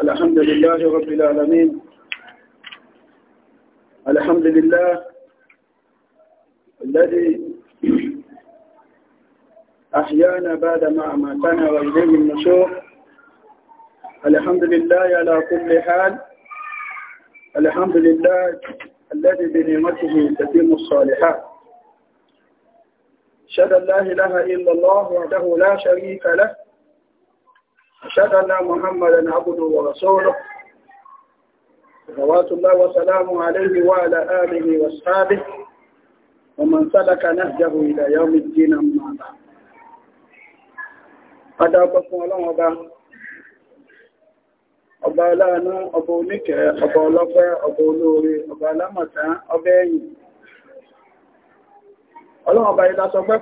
الحمد لله رب العالمين الحمد لله الذي أحيانا بعد ما أماتنا وإليه النشور الحمد لله على كل حال الحمد لله الذي بنعمته تتم الصالحات أشهد أن لا إله إلا الله وحده لا شريك له أشهد أن محمدا عبده ورسوله صلوات الله وسلامه عليه وعلى آله وأصحابه ومن سلك نهجه إلى يوم الدين أما بعد. أدعوكم الله وبركاته ọba aláàánú ọba ọbọ ọba ọlọ́pẹ́ ọba olóore ọba alámọ̀tán ọba ẹ̀yìn ọlọ́run ọba ìlàsọ pẹ́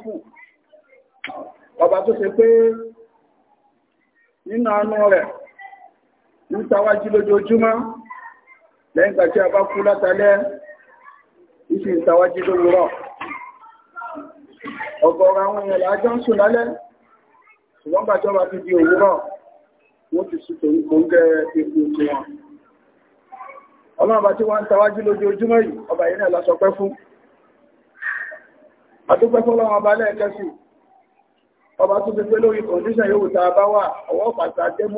ọba tó ṣe pé nínú àánú rẹ̀ ń lójoojúmọ́ lẹ́yìn gbà tí a bá kú látàlẹ́ ìsìn tawájú lówùrọ̀ ọ̀gọ̀ọ̀rọ̀ àwọn èèyàn lájọ́ ń wọ́n ti sùn torí kò ń gẹ́ epo tó wọn ọlọ́ọ̀bá tí wọ́n ń tawájú lójoojúmọ́ yìí ọba yìí náà lásọpẹ́ fún àdúpẹ́ fún ọlọ́wọ́n ọba lẹ́ẹ̀kẹ́sì ọba tó ti pé lórí kọ̀ndíṣàn yóò ta bá wà ọwọ́ pàtà jẹ́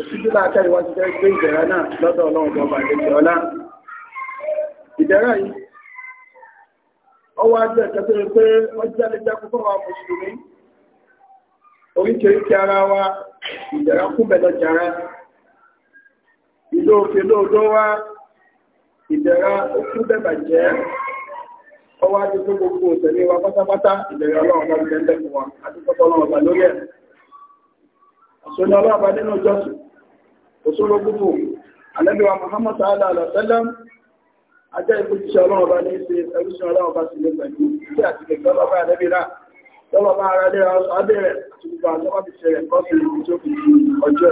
òṣìṣẹ́ láàká ìwájú fẹ́ gbé ìdẹ̀ra náà lọ́dọ̀ ọlọ́run bọ́ bàjẹ́ jẹ́ ọlá yìí ọwọ́ ajẹ́ ẹ̀kẹ́ pé wọ́n lè jákú fún ara wa jàrá ìlú lóòdó wa bẹ̀bà jẹ́ ọwọ́ ajẹ́ gbogbo wa pátápátá ọlọ́run bá ti tẹ́lẹ̀ fún wa àti ọlọ́run bá lórí ẹ̀ ọlọ́run bá òṣòro gbogbo alẹ́bíwa Muhammad sallallahu alaihi wasallam ajẹ́ ìpòjíṣẹ́ ọlọ́run bá ní ṣe ẹrúṣẹ́ ọlọ́run bá sì lè pẹ̀lú ilé àti kẹ̀kẹ́ ọlọ́bá ẹ̀lẹ́bí rà tọ́lọ́ bá ara lé abẹ́rẹ́ àti gbogbo àtọ́wọ́ ti ṣẹlẹ̀ kọ́ sí ibi tó fi di ọjọ́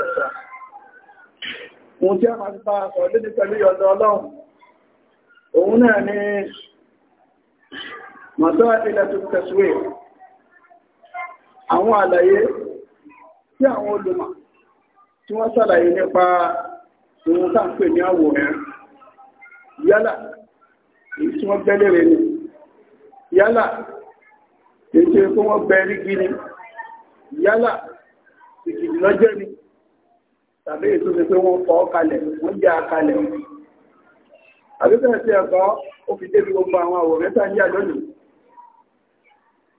ẹ̀sà ohun tí wọ́n ṣàlàyé nípa ohun tá ń pè ní àwòrán yálà èyí tí wọ́n bẹ́lẹ̀ rẹ̀ ni yálà èyí tí wọ́n bẹ̀rí gíní yálà ìkìdì lọ́jẹ́ ni tàbí ètò ti pé wọ́n fọ́ kalẹ̀ wọ́n jẹ́ akalẹ̀ àbíkẹ́ sí ẹ̀kọ́ ó fi débi gbogbo àwọn àwòrán tá ń yà lónìí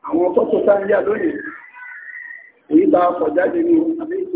àwọn fọ́tò tá ń yà lónìí èyí bá kọ̀ jáde ní àbí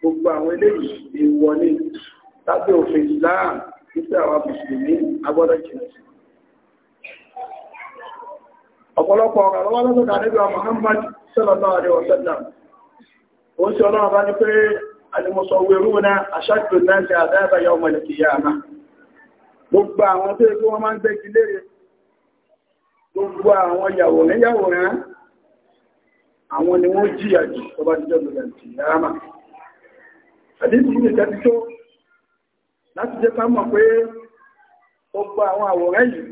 gbogbo àwọn eléyìí èèwọ̀ ni lábẹ́ òfin Islam títí àwọn mùsùlùmí agbọ́dọ̀ jìnà sí ọ̀pọ̀lọpọ̀ ọ̀rọ̀ lọ́wọ́ lọ́sọ̀dá níbi Muhammad sallallahu alaihi wasallam ó ń ṣe ọlọ́run bá ní pé al-musawwiruna ashaddu an-nasi 'adaban yawm al-qiyamah gbogbo àwọn tó ikú wọn máa ń gbẹ́gi lére gbogbo àwọn yàwòrán yàwòrán àwọn ni wọ́n jìyà jù tó bá jíjọ́ lọ́dọ̀ ìyá máa àdínkù ní ìtẹ́bí tó láti jẹ́ ká mọ̀ pé gbogbo àwọn àwòrán yìí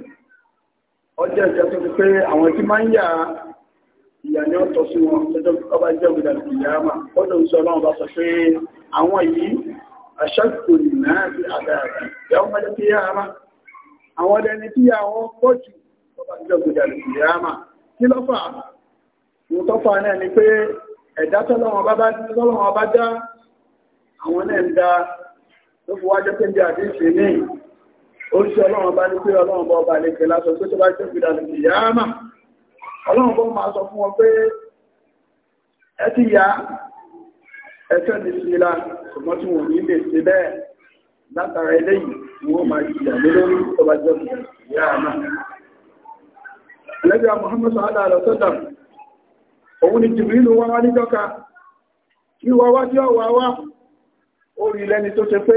ọjọ́ ìjọ tó ti pé àwọn tí máa ń yà ìyà ni ó tọ́ sí wọn tọ́jọ́ ọba jẹ́ òmìnira ti yà á mà ọdọ̀ ń sọ ọlọ́run bá sọ pé àwọn yìí aṣáàkò náà ni kí yà wọ́n pọ̀ jù ọba jẹ́ òmìnira ti yà á mà kí ló fà àwọn náà ń dá tó fi wájọ́ pé bí àti ṣe ní oríṣi ọlọ́run bá ní pé ọlọ́run bá ọba lè kẹlá sọ pé tó bá jẹ́ ìdá lè yá mà ọlọ́run bá máa sọ fún wọn pé ẹ ti yá ẹsẹ̀ ti ṣe la ṣùgbọ́n tí wọn ò ní lè ṣe bẹ́ẹ̀ látara eléyìí wọn máa jìyà lórí tó bá jẹ́ ìyá mà Ànábì Muhammad sallallahu alaihi wasallam òun ni Jibril wá wá níjọ́ka kí wá wá tí ó wá wá orí rí lẹ́ni tó ṣe pé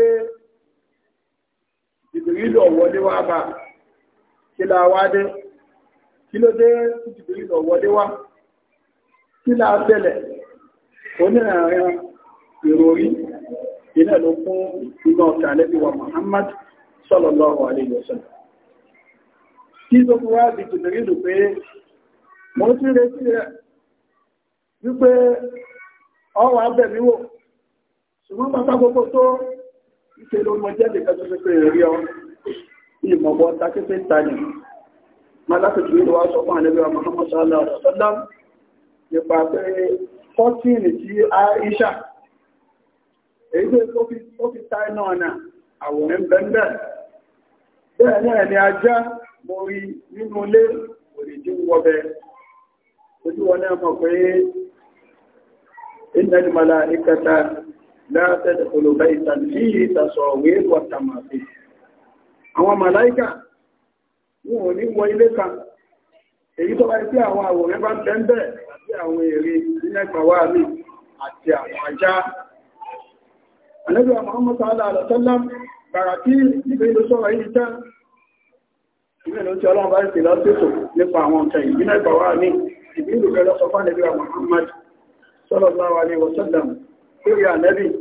jìbìrìlọ̀ wọlé wá bá kí la kí ló dé tí jìbìrìlọ̀ wọlé wá kí la tẹ̀lẹ̀ onírànrìn ìròrí iná ló fún iná ọ̀tà Muhammad sallallahu alaihi wasallam kí ṣùgbọ́n bàtà gbogbo tó ṣe ló mọ jẹ́ nìkan tó ṣe pé rí ọ ìmọ̀bọ̀ ta kéfẹ́ ta ni malásìkò ìlú wa sọ fún àlẹ́bíwá Muhammad sallallahu alaihi wasallam nípa pé fọ́tíìnì tí Aisha èyí tó fi ta iná ọ̀nà àwòrán bẹ́ẹ̀ bẹ́ẹ̀ náà ni ajá mo rí nínú ilé òrìjú wọbẹ̀ ojú wọn náà mọ̀ pé ìnàdìmọ̀lá ìkẹta لا تدخل بيتا فيه تصاوير وتماثيل àwọn màláíkà wọn ò ní wọ ilé kan èyí tó bá rí pé àwọn àwòrán bá ń bẹ́ńbẹ̀ àti àwọn èrè nílẹ̀gbàwà mi àti àwọn ajá alẹ́gbẹ̀ẹ́ Muhammad sallallahu alaihi wasallam bàrà tí nígbà ilé sọ́rọ̀ yìí tán ilé ló ti ọlọ́run bá rí pé lọ́sẹ̀tò nípa àwọn nǹkan yìí nílẹ̀gbàwà mi ìbí ìlú Muhammad sallallahu alaihi wasallam lórí ànẹ́bì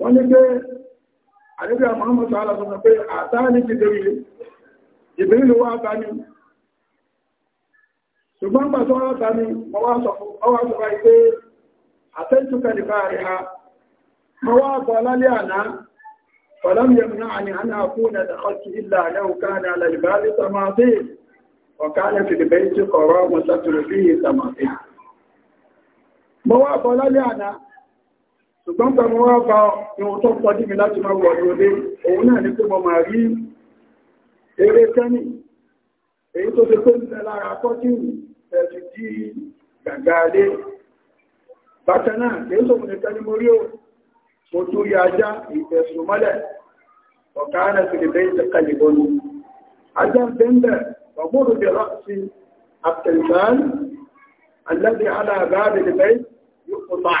wọ́n ní pé àdébí àmọ́mọ́sọ alásọ́nà pé àtá ní ti dèrè ìbìrìlú wá ta ní ṣùgbọ́n gbà tó wá ta ní ọwá sọ báyìí pé àtẹ́jú kẹlìfà rẹ̀ ha ma wá bọ̀ lálẹ́ àná فلم يمنعني أن أكون دخلت ṣùgbọ́n pẹ̀lú wọ́n bá ìwọ̀n tó pọ̀ dìmí láti máa wọ̀ ìrọ̀lé òun náà ní pé mọ máa rí eré tẹ́nì èyí tó ṣe pé ń bẹ lára kọ́tíìnì ẹ̀sùn dí gàgà alé bákan náà èyí tó fún ìtẹ́ni mo rí o mo tó rí ajá ìfẹ̀sùn mọ́lẹ̀ ọ̀ká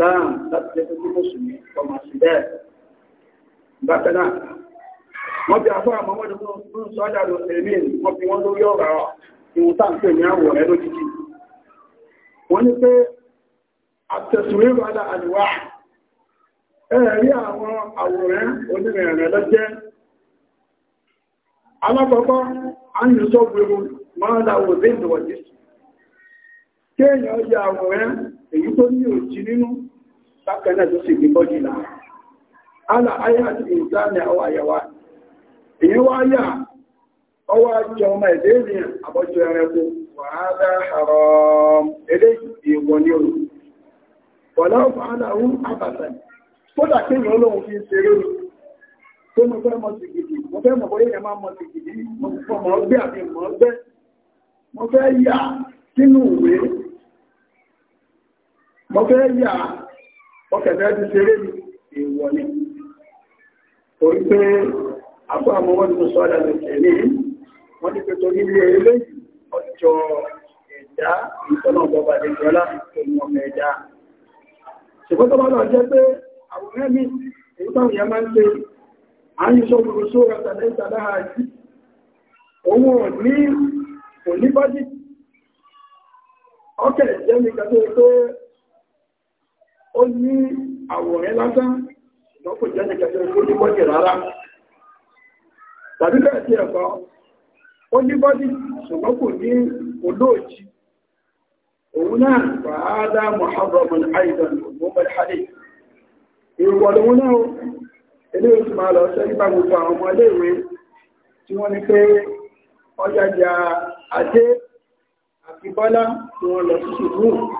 islam láti jẹ́ tó mùsùlùmí ọmọ sí bẹ́ẹ̀ bákan náà wọ́n ti àfọ́ àmọ́wọ́dé fún sọ́jà lọ tẹ̀lé wọ́n fi wọ́n lórí ọ̀rọ̀ ìwọ̀n tá ń pè ní àwọ̀ rẹ̀ lójijì wọ́n ní pé àtẹ̀sùwérò alá àlùwà ẹ̀rí àwọn àwòrán onírìnrìn lọ́jẹ́ kéèyàn ya àwòrán èyí tó ní òjì nínú bákanáà tó sì gbígbọ́ jìlá ala ayé àti ìsáàmì àwọn àyàwá èyí wá yà ọwọ́ àjọ ọmọ ẹ̀dẹ́ ènìyàn àbọ́jọ ẹranko wàhálà àrọ̀ ẹ̀dẹ́ ìwọ̀ ní ụgbọ wọ̀lá ọ̀fà aláwú àbàtà kódà kéèyàn olóhun fi ń ṣeré tó mo fẹ́ sí gidi mo fẹ́ bóyá sí mọ́fẹ́ yà ọkẹ̀fẹ́ ti ṣeré ìwọ̀ ni torí pé àpá àmọ́ wọ́n ti tó sọ́dá lè tẹ̀lé wọ́n ti pẹ̀tọ́ nílé ilé ọjọ́ ẹ̀dá ìtọ́nà ọgbọ̀bà lẹ́gbẹ̀ọ́lá tó ní ọmọ ẹ̀dá ṣùgbọ́n tó bá lọ jẹ́ pé àwọn ẹ̀mí èyí táwọn ìyá máa ń ṣe à ń sọ gbogbo sóra tàbí ìtàdáhà yìí òun ò ní kò ní bọ́jì ọkẹ̀ jẹ́ mi kan tó ó ní àwòrán lásán ṣùgbọ́n kò jẹ́ nìkẹ́kẹ́ ó ní bọ́dì rárá tàbí bẹ́ẹ̀ sí ẹ̀kọ́ ó ní bọ́dì ṣùgbọ́n kò ní olóòjì òun náà fàádá muhammadun aidan muhammad hadi ìwọ̀lùmú náà ilé oṣù máa lọ sẹ́yìn bá gbogbo àwọn ọmọ iléèwé tí wọ́n ní pé ọjàjà adé àti bọ́lá tí wọ́n lọ sí ṣùgbọ́n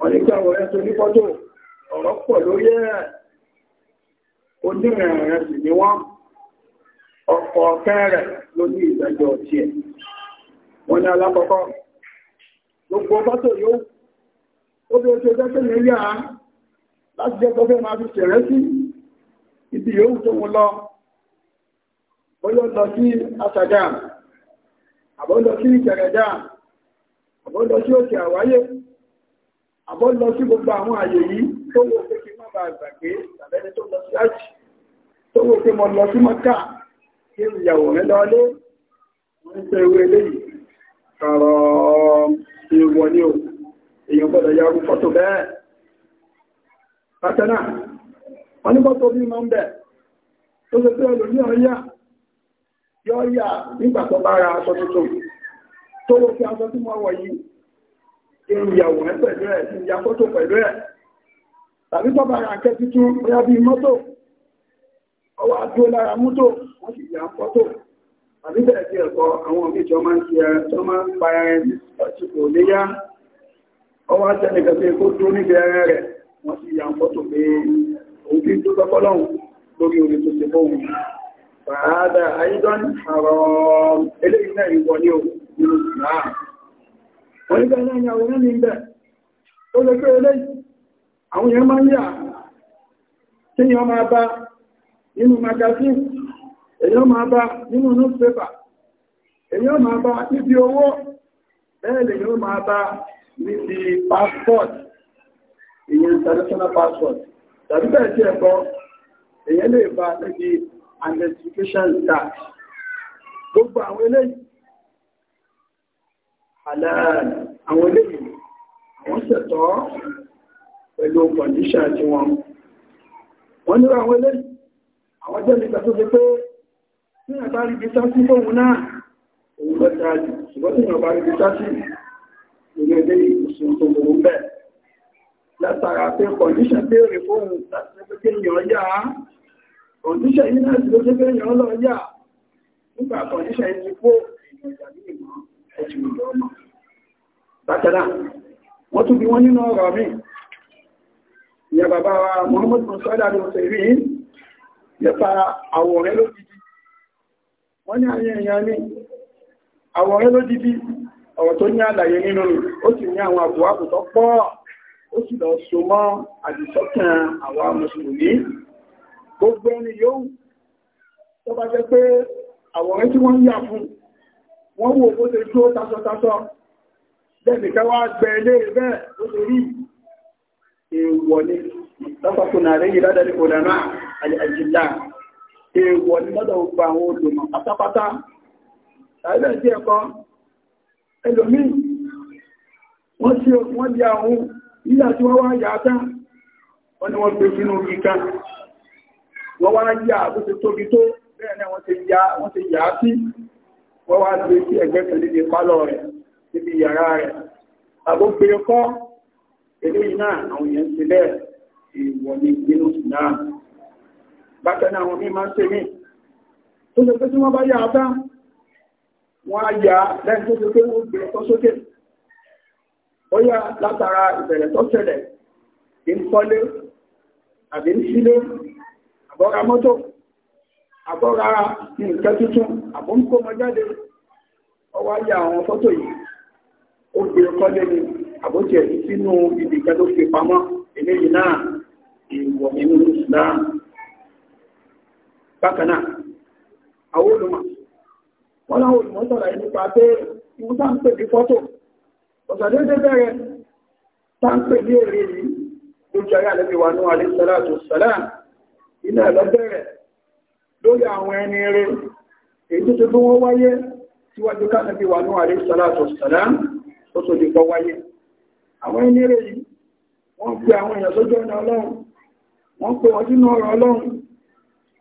wọ́n ni alákọ̀ọ́kọ́ gbogbo fọ́tò yóò ó bí ó ṣe dẹ́kẹ́ ní yá láti jẹ́ tó fẹ́ máa fi ṣẹ̀rẹ́ sí ibi yóò tó wọn lọ bóyọ́ lọ sí Asàdá àbọ́lọ sí Ìkẹrẹ̀dá àbọ́lọ sí òkè àwáyé àbọ́ lọ sí gbogbo àwọn àyè yìí tó wò pé kí má bàa gbàgbé tàbẹ́ni tó lọ sí àjì tó wò pé mo lọ sí mọ́kà kí n yàwó rẹ lọ́lé wọ́n ń tẹ́ ewé eléyìí kọ̀rọ̀ ìwọ̀ ni o èèyàn gbọ́dọ̀ ya orú fọ́tò bẹ́ẹ̀ pátánà wọ́n ní fọ́tò bí máa ń tí wọ́n wọ̀ yìí tí ń ya òun pẹ̀lú ẹ̀ tí ń ya fótó pẹ̀lú ẹ̀ tàbí tọ́ba ara kẹ́ tuntun bóyá bíi mọ́tò ọwọ́ adó lára mọ́tò wọ́n sì ya fótó tàbí bẹ̀rẹ̀ sí ẹ̀kọ́ àwọn òbí tí wọ́n máa ń ṣe ẹ̀ tí wọ́n máa ń pa ẹ̀ ọtí kò léyá ọwọ́ àtẹnìkan pé kó dúró níbi ẹ̀rẹ́ rẹ̀ wọ́n sì ya fótó pé òun kí tó tọ́kọ́ lọ́hùn lórí orí tó ṣe fóun fàádà àyídọ́n àrọ̀ ní wọ́n ibẹ̀ náà ni àwòrán ní ibẹ̀ ó lè pé olé àwọn èèyàn máa ń yà kí ni wọ́n máa bá nínú magazine èèyàn máa bá nínú newspaper èèyàn máa bá níbi owó bẹ́ẹ̀ lè yóò máa bá níbi passport ìyẹn international passport tàbí bẹ́ẹ̀ tí ẹ̀kọ́ halal àwọn eléyìí wọ́n ṣẹ̀tọ́ pẹ̀lú kọ̀díṣà tí wọ́n wọ́n ní àwọn eléyìí àwọn jẹ́ nígbà tó fi pé ní àbá rí bisá sí fóun náà òun lọ tààjì ṣùgbọ́n tí ìyàn bá rí bisá sí ìlú eléyìí ìsìn tó gbogbo bẹ́ẹ̀ látara pé kọ̀díṣà béèrè fóun láti pé kéèyàn yá kọ̀díṣà yìí náà sì ló ṣe kéèyàn lọ yá nígbà kọ̀díṣà yìí ti kó ìgbà ìgbà ní ìmọ̀ bákanáà wọ́n tún bí wọ́n nínú ọ̀rọ̀ mi ìyà bàbá wa Muhammad musada ló ṣe rí nípa àwọ̀rẹ́ lódìdí wọ́n ní ayé èèyàn ní àwọ̀rẹ́ lódìdí ọ̀rọ̀ tó ní àlàyé nínú rẹ̀ ó sì ní àwọn àbúwákù tó pọ̀ ó sì lọ so mọ́ àdìsọ́kàn àwa mùsùlùmí gbogbo ẹni yóò tó bá jẹ́ pé àwọ̀rẹ́ tí wọ́n ń yà fún wọ́n wo bó ṣe dúró tasọ́tasọ́ lẹ́nìkẹ́ wá gbẹ ilé bẹ́ẹ̀ ó ṣe rí èèwọ̀ ni lọ́pàkùn náà lẹ́yìn lọ́dọ̀ ní ọ̀dàmá àjíjà èèwọ̀ ni lọ́dọ̀ gba àwọn olùmọ̀ pátápátá tàbí tí ẹ̀kọ́ ẹlòmí wọ́n tí wọ́n di àwọn nígbà tí wọ́n wá yà tán wọ́n ni wọ́n gbé sínú kíkà wọ́n wá yà bó ti tóbi tó bẹ́ẹ̀ náà wọ́n ti yà sí wọ́n wá gbé sí rẹ̀ níbi yàrá rẹ̀ àgbógbé kọ́ eléyìí náà àwọn èèyàn ti bẹ́ẹ̀ èèwọ̀ ní nínú náà bákan náà àwọn míì máa ń ṣe mí tó ṣe pé tí wọ́n bá yà á bá wọ́n á yà á lẹ́yìn tó ṣe pé wọ́n gbé ọkọ́ sókè àbọ́ra nǹkan tuntun àbọ́nkọ́mọ jáde ọwọ́ yà àwọn fọ́tò yìí ó gbé kọ́lé ni àbójẹ̀ sínú ibìkan tó fi pamọ́ eléyìí náà ìwọ̀ nínú Islam bákan náà àwọn olùmọ̀ wọ́n láwọn olùmọ̀ sọ̀rọ̀ yìí nípa pé ìwọ́n tá ń pè ní fọ́tò ọ̀sàdédé bẹ̀rẹ̀ tá ń pè ní èrè yìí lójú ayé àlẹ́bí wa ní alẹ́ sọ́láàtò sọ́láà iná ẹ̀lọ́ bẹ̀rẹ̀ lórí àwọn ẹni rẹ̀ èyí tó tó wọ́n wáyé síwájú kánàbí wa ní alẹ́ sọ́láàtò sọ́láà ó tó lè kọ́ wáyé àwọn eléré yìí wọ́n pe àwọn èèyàn sójú ọ̀nà ọlọ́run wọ́n pe wọ́n sínú ọ̀rọ̀ ọlọ́run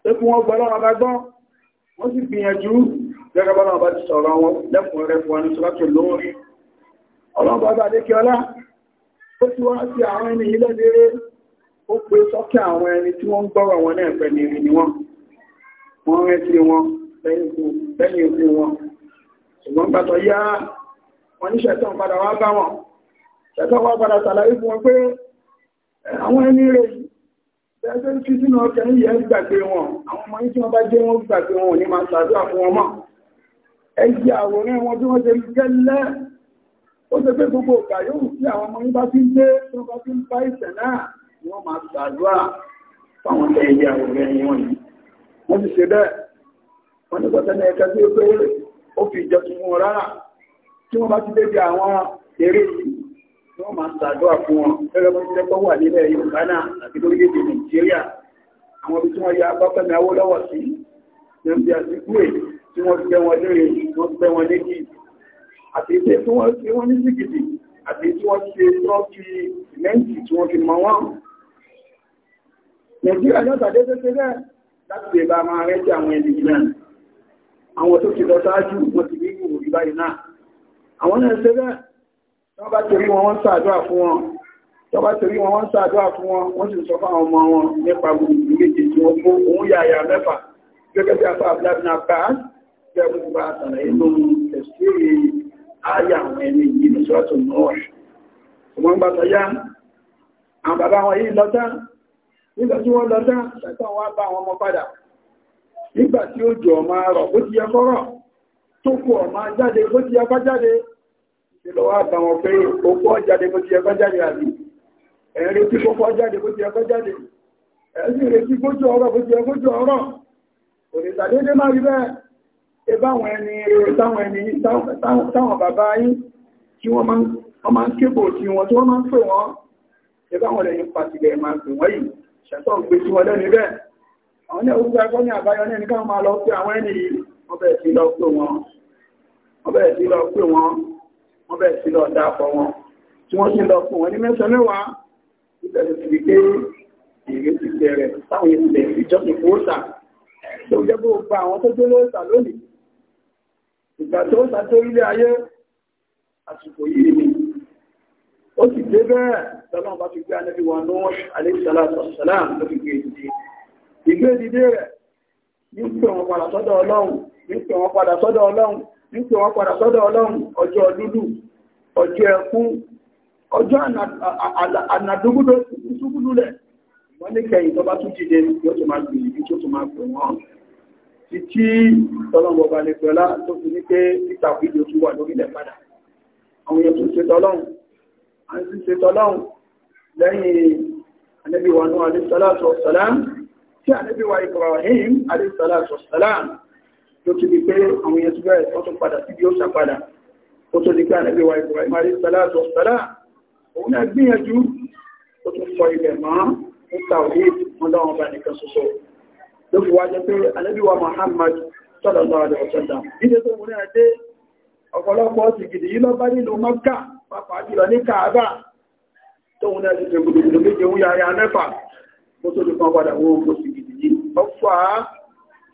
pé kí wọ́n gbọ́ ọlọ́run bá gbọ́ wọ́n sì gbìyànjú gẹ́gẹ́ bọ́lá ọba ti sọ̀rọ̀ wọn lẹ́kùn rẹ̀ fún ọdún sọ́tò lórí ọlọ́run bá bàdé kí ọlá ó ti wá sí àwọn ẹni yìí lẹ́lẹ́rẹ́ ó pe sọ́kẹ́ àwọn ẹni tí wọ́n ń gbọ́rọ̀ wọn náà pẹ̀ ní ìrìn wọn wọ́n rẹ́ sí wọn lẹ́yìn ikú wọn wọ́n ní ṣẹ̀tàn padà wá bá wọn ṣẹ̀tàn wá padà sàlàyé fún wọn pé àwọn ẹni rẹ̀ ṣẹ́ṣẹ́ tí sínú ọkẹ̀ ń yẹ gbàgbé wọn àwọn ọmọ yìí tí wọ́n bá jẹ́ wọn gbàgbé wọn ní máa ṣàdúrà fún wọn mọ́ ẹ̀yí àwòrán wọn bí wọ́n ṣe gẹ́lẹ́ ó ṣe pé gbogbo ọ̀gá yóò sí àwọn ọmọ yìí bá fi ń dé tí wọ́n bá fi ń bá ìṣẹ̀ náà ni wọ́n máa ṣàdúrà fáwọn ẹ̀yí àwòrán wọn yìí wọ́n ti ṣe bẹ́ẹ̀ wọ́n ní kọ́tẹ́ ní ẹ̀kẹ́ tí pé ó fi ìjọ tuntun rárá tí wọ́n bá ti débi àwọn eré yìí wọ́n máa ń ṣàdúrà fún wọn gẹ́gẹ́ bó ti jẹ́ pọ́wọ́ nílẹ̀ Yorùbá náà àti lórílẹ̀-èdè Nàìjíríà àwọn ibi tí wọ́n ya Abáfẹ́mi Awólọ́wọ̀ sí níbi àsìkú ẹ̀ tí wọ́n gbẹ́ wọn lórí wọ́n gbẹ́ wọn léjì àti ìṣe tí wọ́n ṣe wọ́n ní sìkìtì àti tí wọ́n ṣe tí wọ́n fi sìmẹ́ǹtì tí wọ́n fi mọ wọn. Nàìjíríà yóò tàdé tẹ́tẹ́ bẹ́ẹ̀ láti lè bá máa rẹ́jì àwọn ènìyàn àwọn tó ti lọ sáájú wọn ti ní ìwòrí báyìí náà àwọn náà ṣe bẹ́ẹ̀ tó bá torí wọn wọ́n ṣàdúrà fún wọn tó bá torí wọn wọ́n ṣàdúrà fún wọn wọ́n sì sọ fún àwọn ọmọ wọn nípa gbogbo méje tí wọ́n mú òun yàyà mẹ́fà gẹ́gẹ́ bí afọ abúlábìnà bá bẹ́ẹ̀ gbogbo bá àtàrà inú ẹ̀sìrì ayé àwọn ẹni yìí ní sọ́ọ̀tù náà ṣe lọ́wọ́ àtàwọn pé òkú ọ̀jáde bó ti ẹ̀kọ́ jáde àbí ẹ̀rẹ́ tí kókó ọ̀jáde bó ti ẹ̀kọ́ jáde ẹ̀sìn ìrètí gójú ọ̀rọ̀ bó ti ẹ̀gójú ọ̀rọ̀ kò lè sàdédé má rí bẹ́ẹ̀ ẹ báwọn ẹni táwọn ẹni táwọn bàbá yín tí wọ́n máa ń kébò tí wọ́n tí wọ́n máa ń pè wọ́n ẹ báwọn lẹ́yìn pàtìlẹ̀ máa pè wọ́n yìí ṣẹ̀tọ́ gbé tí wọ́n lẹ́nu bẹ́ẹ̀ àwọn ní orúkọ ẹgbọ́n ní àbáyọ ní ẹnìkan máa lọ pé àwọn ẹni yìí wọ́n bẹ̀rẹ̀ sí lọ pé wọ́n wọ́n bẹ̀rẹ̀ sí lọ dápọ̀ wọn tí wọ́n sì lọ fún wọn ní mẹ́sàn mẹ́wàá ìbẹ̀rẹ̀ sí pé èrè ti bẹ̀rẹ̀ táwọn ìbẹ̀rẹ̀ sí jọ́sìn fòósà tó jẹ́ bó gba àwọn tó dé lóòsà lónìí ìgbà tó sà tó ilé ayé àsìkò yìí ni ó sì dé bẹ́ẹ̀ lọ́nà bá fi gbé anábí wọn ní wọ́n àlẹ́sàlásàlám ló fi gbé ìdíje ìgbé ìdíje rẹ̀ ní pè wọn padà sọ́dọ̀ ọlọ́run ní pè wọn padà sọ́dọ̀ ọlọ́run nítorí wọ́n padà sọ́dọ̀ ọlọ́run ọjọ́ dúdú ọjọ́ ẹkún ọjọ́ ànàdúgbùdó ìṣúgbùdúlẹ̀ wọ́n ní kẹyìn tó bá tún jíde yóò tó máa gbìyànjú tí ó tó máa gbìyànjú ti títí tọ́lọ́wọ́ bá lè pẹ̀lá tó fi ní pé títàkù ìjọ tún wà lórílẹ̀ padà àwọn èèyàn tún ṣe tọ́lọ́run a ń ṣe tọ́lọ́run lẹ́yìn anẹ́bíwa náà alẹ́sọ́lá ló ti di pé àwọn èèyàn ti bẹ̀rẹ̀ tó tún padà síbi ó ṣàpadà ó tó di pé ànẹ́bí wa Ibrahim alayhi salatu wa salam òun náà gbìyànjú ó tún fọ ilẹ̀ mọ́ ń ta òye wọn láwọn ọba nìkan ṣoṣo ló fi wá jẹ pé ànẹ́bí wa Muhammad sallallahu alaihi wasallam ìdè tó múlẹ̀ àdé ọ̀pọ̀lọpọ̀ ti gidi yìí lọ bá nínú Mọ́kà pàápàá jùlọ ní Kàábà tóun náà ti ṣe gbogbo méje ń yára mẹ́fà mo tó ti kan padà wọ́n ogun sì gidi yìí ọ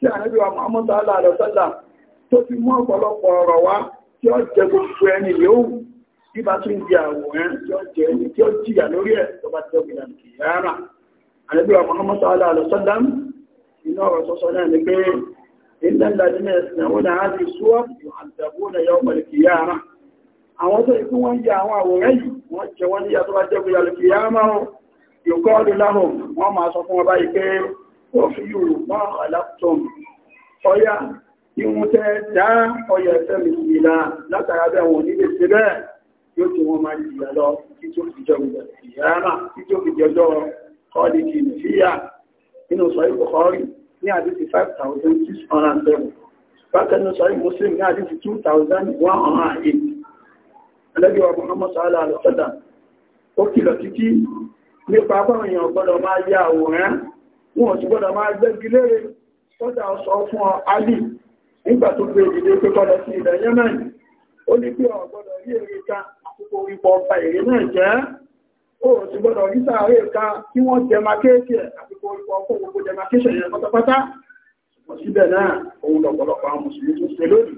tí ànábì wa Muhammad aláàlọ́ sọ́là tó fi mú ọ̀pọ̀lọpọ̀ ọ̀rọ̀ wá tí ó jẹ gbogbo ẹni yóò bí bá tún di àwòrán tí ó jẹ ẹni tí ó jìyà lórí ẹ̀ tó bá tẹ́ òkèlà kìyàrá ànábì wa Muhammad aláàlọ́ sọ́là inú ọ̀rọ̀ sọ́sọ́ náà ni pé ilẹ̀ ìdájínà ìsìnàwọ́n àti ìṣúwà àdàbọ́nà yọ mọ̀lìkìyàrá àwọn tó ikú wọ́n yẹ àwọn àwòrán yìí wọ́n jẹ wọ́n ní yàtọ́ bá jẹ́ òfin yorùbá aláptọ̀m ọya ìwọ̀n tẹ́ dá ọyọ̀ ẹ̀fẹ́ mi sí ìlà látara bẹ́ wọn nílé sí bẹ́ẹ̀ yóò tí wọ́n máa jìyà lọ tí tó fi jọ ìyára tí tó fi jọjọ́ kọ́lìkì nìfíyà nínú sọ ìbùkọ́rì ní àdísì 5607 bákanú sọ ìmúslim ní àdísì 2108 ẹlẹ́gbẹ̀wà Muhammad sallallahu alaihi wasallam ó kìlọ̀ títí nípa báwọn èèyàn gbọ́dọ̀ máa yá àwòrán wọn ti gbọ́dọ̀ máa gbẹ́gi lére sọ́jà sọ fún ọ alì nígbà tó gbé ìdílé tó tọ́lọ sí ilẹ̀ yemen ó ní pé o gbọ́dọ̀ rí èrè ká àkókò ipò ọba èrè náà jẹ́ ó ti gbọ́dọ̀ rí sáré ká kí wọ́n jẹmakéèkì àkókò ipò ọkọ̀ gbogbo jẹmakéèkì yẹn pátápátá wọ́n síbẹ̀ náà òun lọ̀pọ̀lọpọ̀ àwọn mùsùlùmí tó ṣe lónìí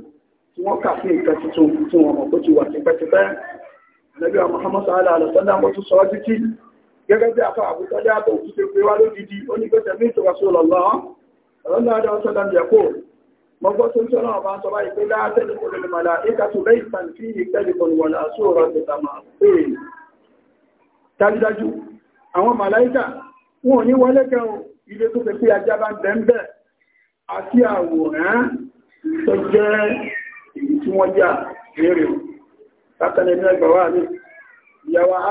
tí gẹ́gẹ́ bí afọ àbútọ́dá tó kú ṣe pé wá lódìdí onígbẹ́sẹ̀ ní ìtura sí ọlọ́lọ́ ọlọ́lọ́ adá ọ̀sọ́dá ń yẹ̀kọ́ mọ gbọ́ tó ń sọ́nà ọba sọ báyìí pé láàtẹ́ ní kò lè màlá ìka tó lẹ́yìn tàn sí ìtẹ́lẹ̀ kan wọ̀n náà sí ọ̀rọ̀ tó tàmà pé dájúdájú àwọn màláìkà wọn ò ní wọlé kẹrùn ilé tó fẹ́ pé ajá bá ń bẹ́ ń bẹ́ àti àwòrán tó jẹ́ èyí tí wọ́n yà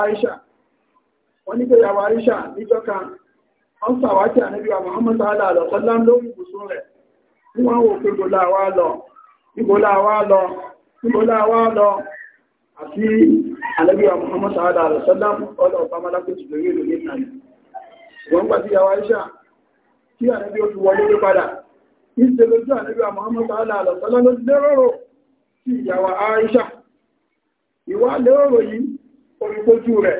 Aisha wọ́n ní pé yàwó àríṣà níjọ́ kan wọ́n sàwátì àníbí wa Muhammad alá lọ sọ́lá lórí ibùsùn rẹ̀ tí wọ́n wò pé gbòlá wa lọ gbòlá wa àti àníbí wa Muhammad alá lọ sọ́lá ọlọ́ ọ̀pámálákò ti lórí ìlú nípa rẹ̀ wọ́n gbà sí yàwó àríṣà kí àníbí ó ti wọlé ní padà wa Muhammad alá lọ sọ́lá ló yìí orí pójú rẹ̀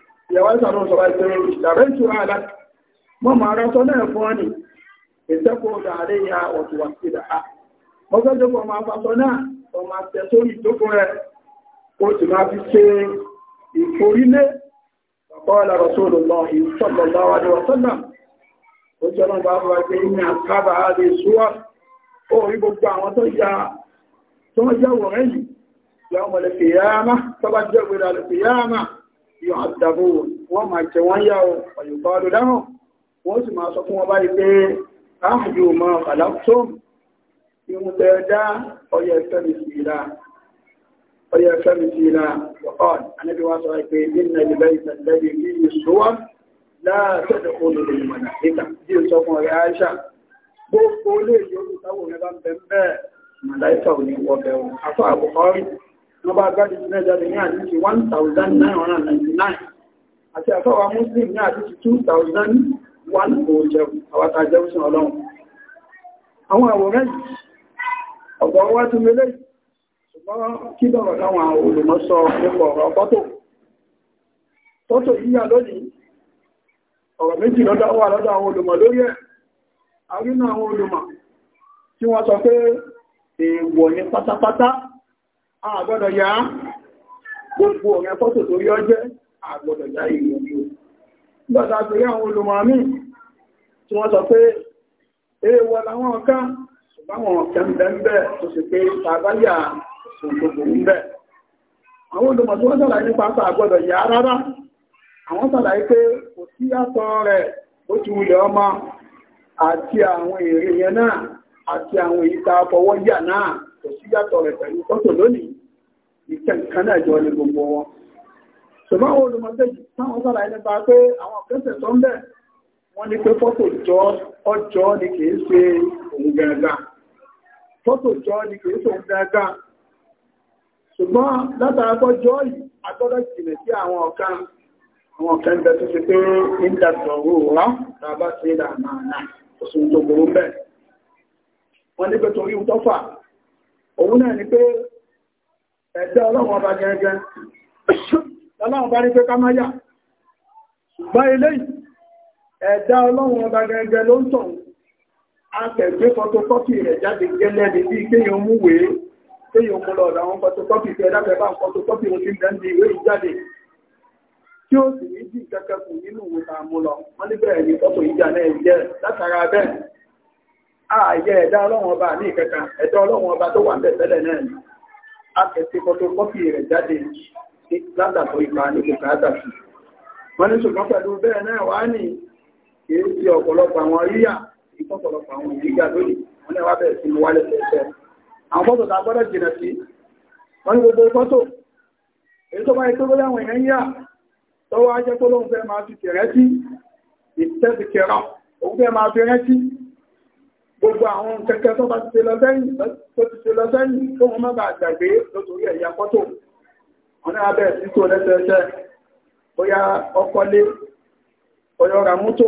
ìyàwó ìsànà sọ̀rọ̀ ìṣẹ̀rẹ̀ ìṣàrẹ́ ìṣúra àlá mọ́ máa rán sọ́nà ẹ̀fún ọ́nì ìṣẹ́kọ̀ ọ̀dà àrẹ ya ọ̀tùwà sídà á mọ́sọ́ jókòó máa fa sọ́nà ọmọ àtẹ sórí ìjókòó rẹ̀ ó sì máa fi ṣe ìforílé ọ̀pọ̀lá rọ̀sọ́lù lọ ìṣọ̀lọ̀lọ́wà ní wọ̀sọ́nà ó jẹ́ ọmọ bá wà pé ní àkábà á lè ṣúwà ó rí gbogbo àwọn tó yà tó wọ́n jẹ́ yóò àdàbò wọ́n máa jẹ wọ́n yá o ọ̀yọ̀bá ọdún dáhùn wọ́n sì máa sọ fún wọn báyìí pé áàmùjú mọ́ àlàpùtòm ìhun tẹ́ dá ọyẹ fẹ́mi sí ìlà ọyẹ fẹ́mi sí ìlà ọ̀hún anábí wá sọ pé nínú ìlẹ̀ ìtàlẹ́bí ní ìṣòwò láàtẹ̀dẹ̀ olùdó ìmọ̀nà níta bí ó sọ fún ọ̀rẹ́ Aisha gbogbo olóòjì olùsáwò rẹ bá ń bẹ wọ́n bá gbádì sí náà jáde ní àdíṣì 1999 àti àfẹ́wà muslim ní àdíṣì 2107 àwátà jẹ́wùsùn ọlọ́run àwọn àwòrán ọ̀pọ̀ wá tún ṣùgbọ́n kí lọ́rọ̀ láwọn olùmọ́sọ nípa ọ̀rọ̀ yíyà lónìí ọ̀rọ̀ méjì lọ́dọ̀ sọ àgbọ́dọ̀ yá gbogbo ọ̀rẹ́ fọ́tò tó yọ jẹ́ àgbọ́dọ̀ yá ìrìnàjò lọ́dá tó rí àwọn olùmọ̀mí tí wọ́n sọ pé èèwọ̀ làwọn ọ̀ká ṣùgbọ́n ọ̀kẹ́ tó sì pé tàbáyà ṣògbogbo ń bẹ àwọn olùmọ̀ àti àwọn èrè fọwọ́ yà náà kò sí yàtọ̀ rẹ̀ pẹ̀lú fọ́tò lónìí ìkẹ́ǹkan náà jọ ní gbogbo wọn ṣùgbọ́n àwọn olùmọ̀tẹ́jì táwọn sára ẹni bá pé àwọn ọ̀kẹ́sẹ̀ tó ń bẹ̀ wọ́n ní pé fọ́tò jọ ọjọ́ ni kìí ṣe òun gẹ̀ẹ́gà fọ́tò jọ ni kìí ṣe òun gẹ̀ẹ́gà ṣùgbọ́n látara kọ́ jọ yìí agbọ́dọ̀ jìnà sí àwọn ọ̀kan àwọn ọ̀kan bẹ tó ṣe pé ń dàtọ̀ rúra tàbá ṣe ìlànà àná òṣùn tó burú bẹ́ẹ̀ wọ́n ní pé torí ń tọ́fà òun náà ni pé ẹ̀dẹ́ ọlọ́run ọba gẹ́gẹ́ ọlọ́run bá ní pé ká máa yà ṣùgbọ́n ilé ẹ̀dá ọlọ́run ọba gẹ́gẹ́ ló ń tàn àtẹ̀gbé fọtokọ́pì rẹ̀ jáde gẹ́lẹ́ ní bí kéèyàn mú wèé kéèyàn mú lọ ọ̀dà àwọn fọtokọ́pì tí ẹ̀dá fẹ́ bá ń fọtokọ́pì wọn ti ń dẹ́ndì ìwé ìjáde tí ó sì ní jì kẹ́kẹ́ kù nínú ìwé tá a mú lọ wọ́n níbẹ̀rẹ̀ ààyẹ ẹ̀dá ọlọ́run ọba ní ìkẹta ẹ̀dá ọlọ́run ọba tó wà ń bẹ̀ tẹ́lẹ̀ náà ni a kẹsí fọtokọ́pì rẹ̀ jáde látàkọ ìgbà ní kò káàtà sí wọ́n ní ṣùgbọ́n pẹ̀lú bẹ́ẹ̀ náà wá ní kìí sí ọ̀pọ̀lọpọ̀ àwọn yíyà ìfọ́pọ̀lọpọ̀ àwọn ìgbà lónìí wọ́n náà wá bẹ̀rẹ̀ sí wálẹ̀ tẹ́tẹ́ àwọn fọ́tò tá a gbọ́dọ̀ jìnà sí wọ́n ní gbogbo fọ́tò èyí tó bá yẹ tó lórí àwọn èèyàn yíyà tọ́wọ́ á jẹ́ pé lóun fẹ́ máa fi kẹ̀rẹ́ sí ìtẹ́sìkẹ̀rọ̀ òun fẹ́ máa fi sí gbogbo àwọn kẹ̀kẹ́ tó bá ti ṣe lọ sẹ́yìn tó ti ṣe lọ sẹ́yìn tó wọ́n má bà gbàgbé lótorí ẹ̀yà fọ́tò wọn náà bẹ̀rẹ̀ sí tó lẹ́sẹẹsẹ bóyá ọkọlé bóyá ọ̀rà mọ́tò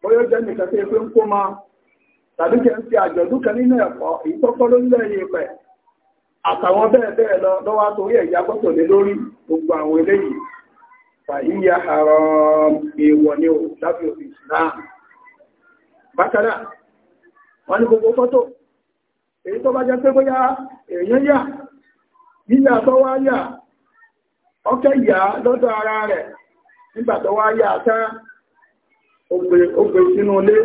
bóyá ó jẹ́ nìkan tó yẹ pé ń kó máa tàbí kẹ́ ń fi àjọ̀dún kan nínú ẹ̀kọ́ ìkọ́kọ́ lórílẹ̀ yìí pẹ̀ àtàwọn bẹ́ẹ̀ bẹ́ẹ̀ lọ lọ́wọ́ torí ẹ̀yà fọ́tò lé lórí gbogbo àwọn eléyìí fàyíyà àrọ̀ èèwọ̀ ni ò lábẹ́ òfin Islam bákan náà wọ́n ní gbogbo fọ́tò èyí tó bá jẹ́ pé bóyá èèyàn yà yíyà tó wá yà ọkẹ́ yà lọ́dọ̀ ara rẹ̀ nígbà tó wá yà tán ògbè sínú ilé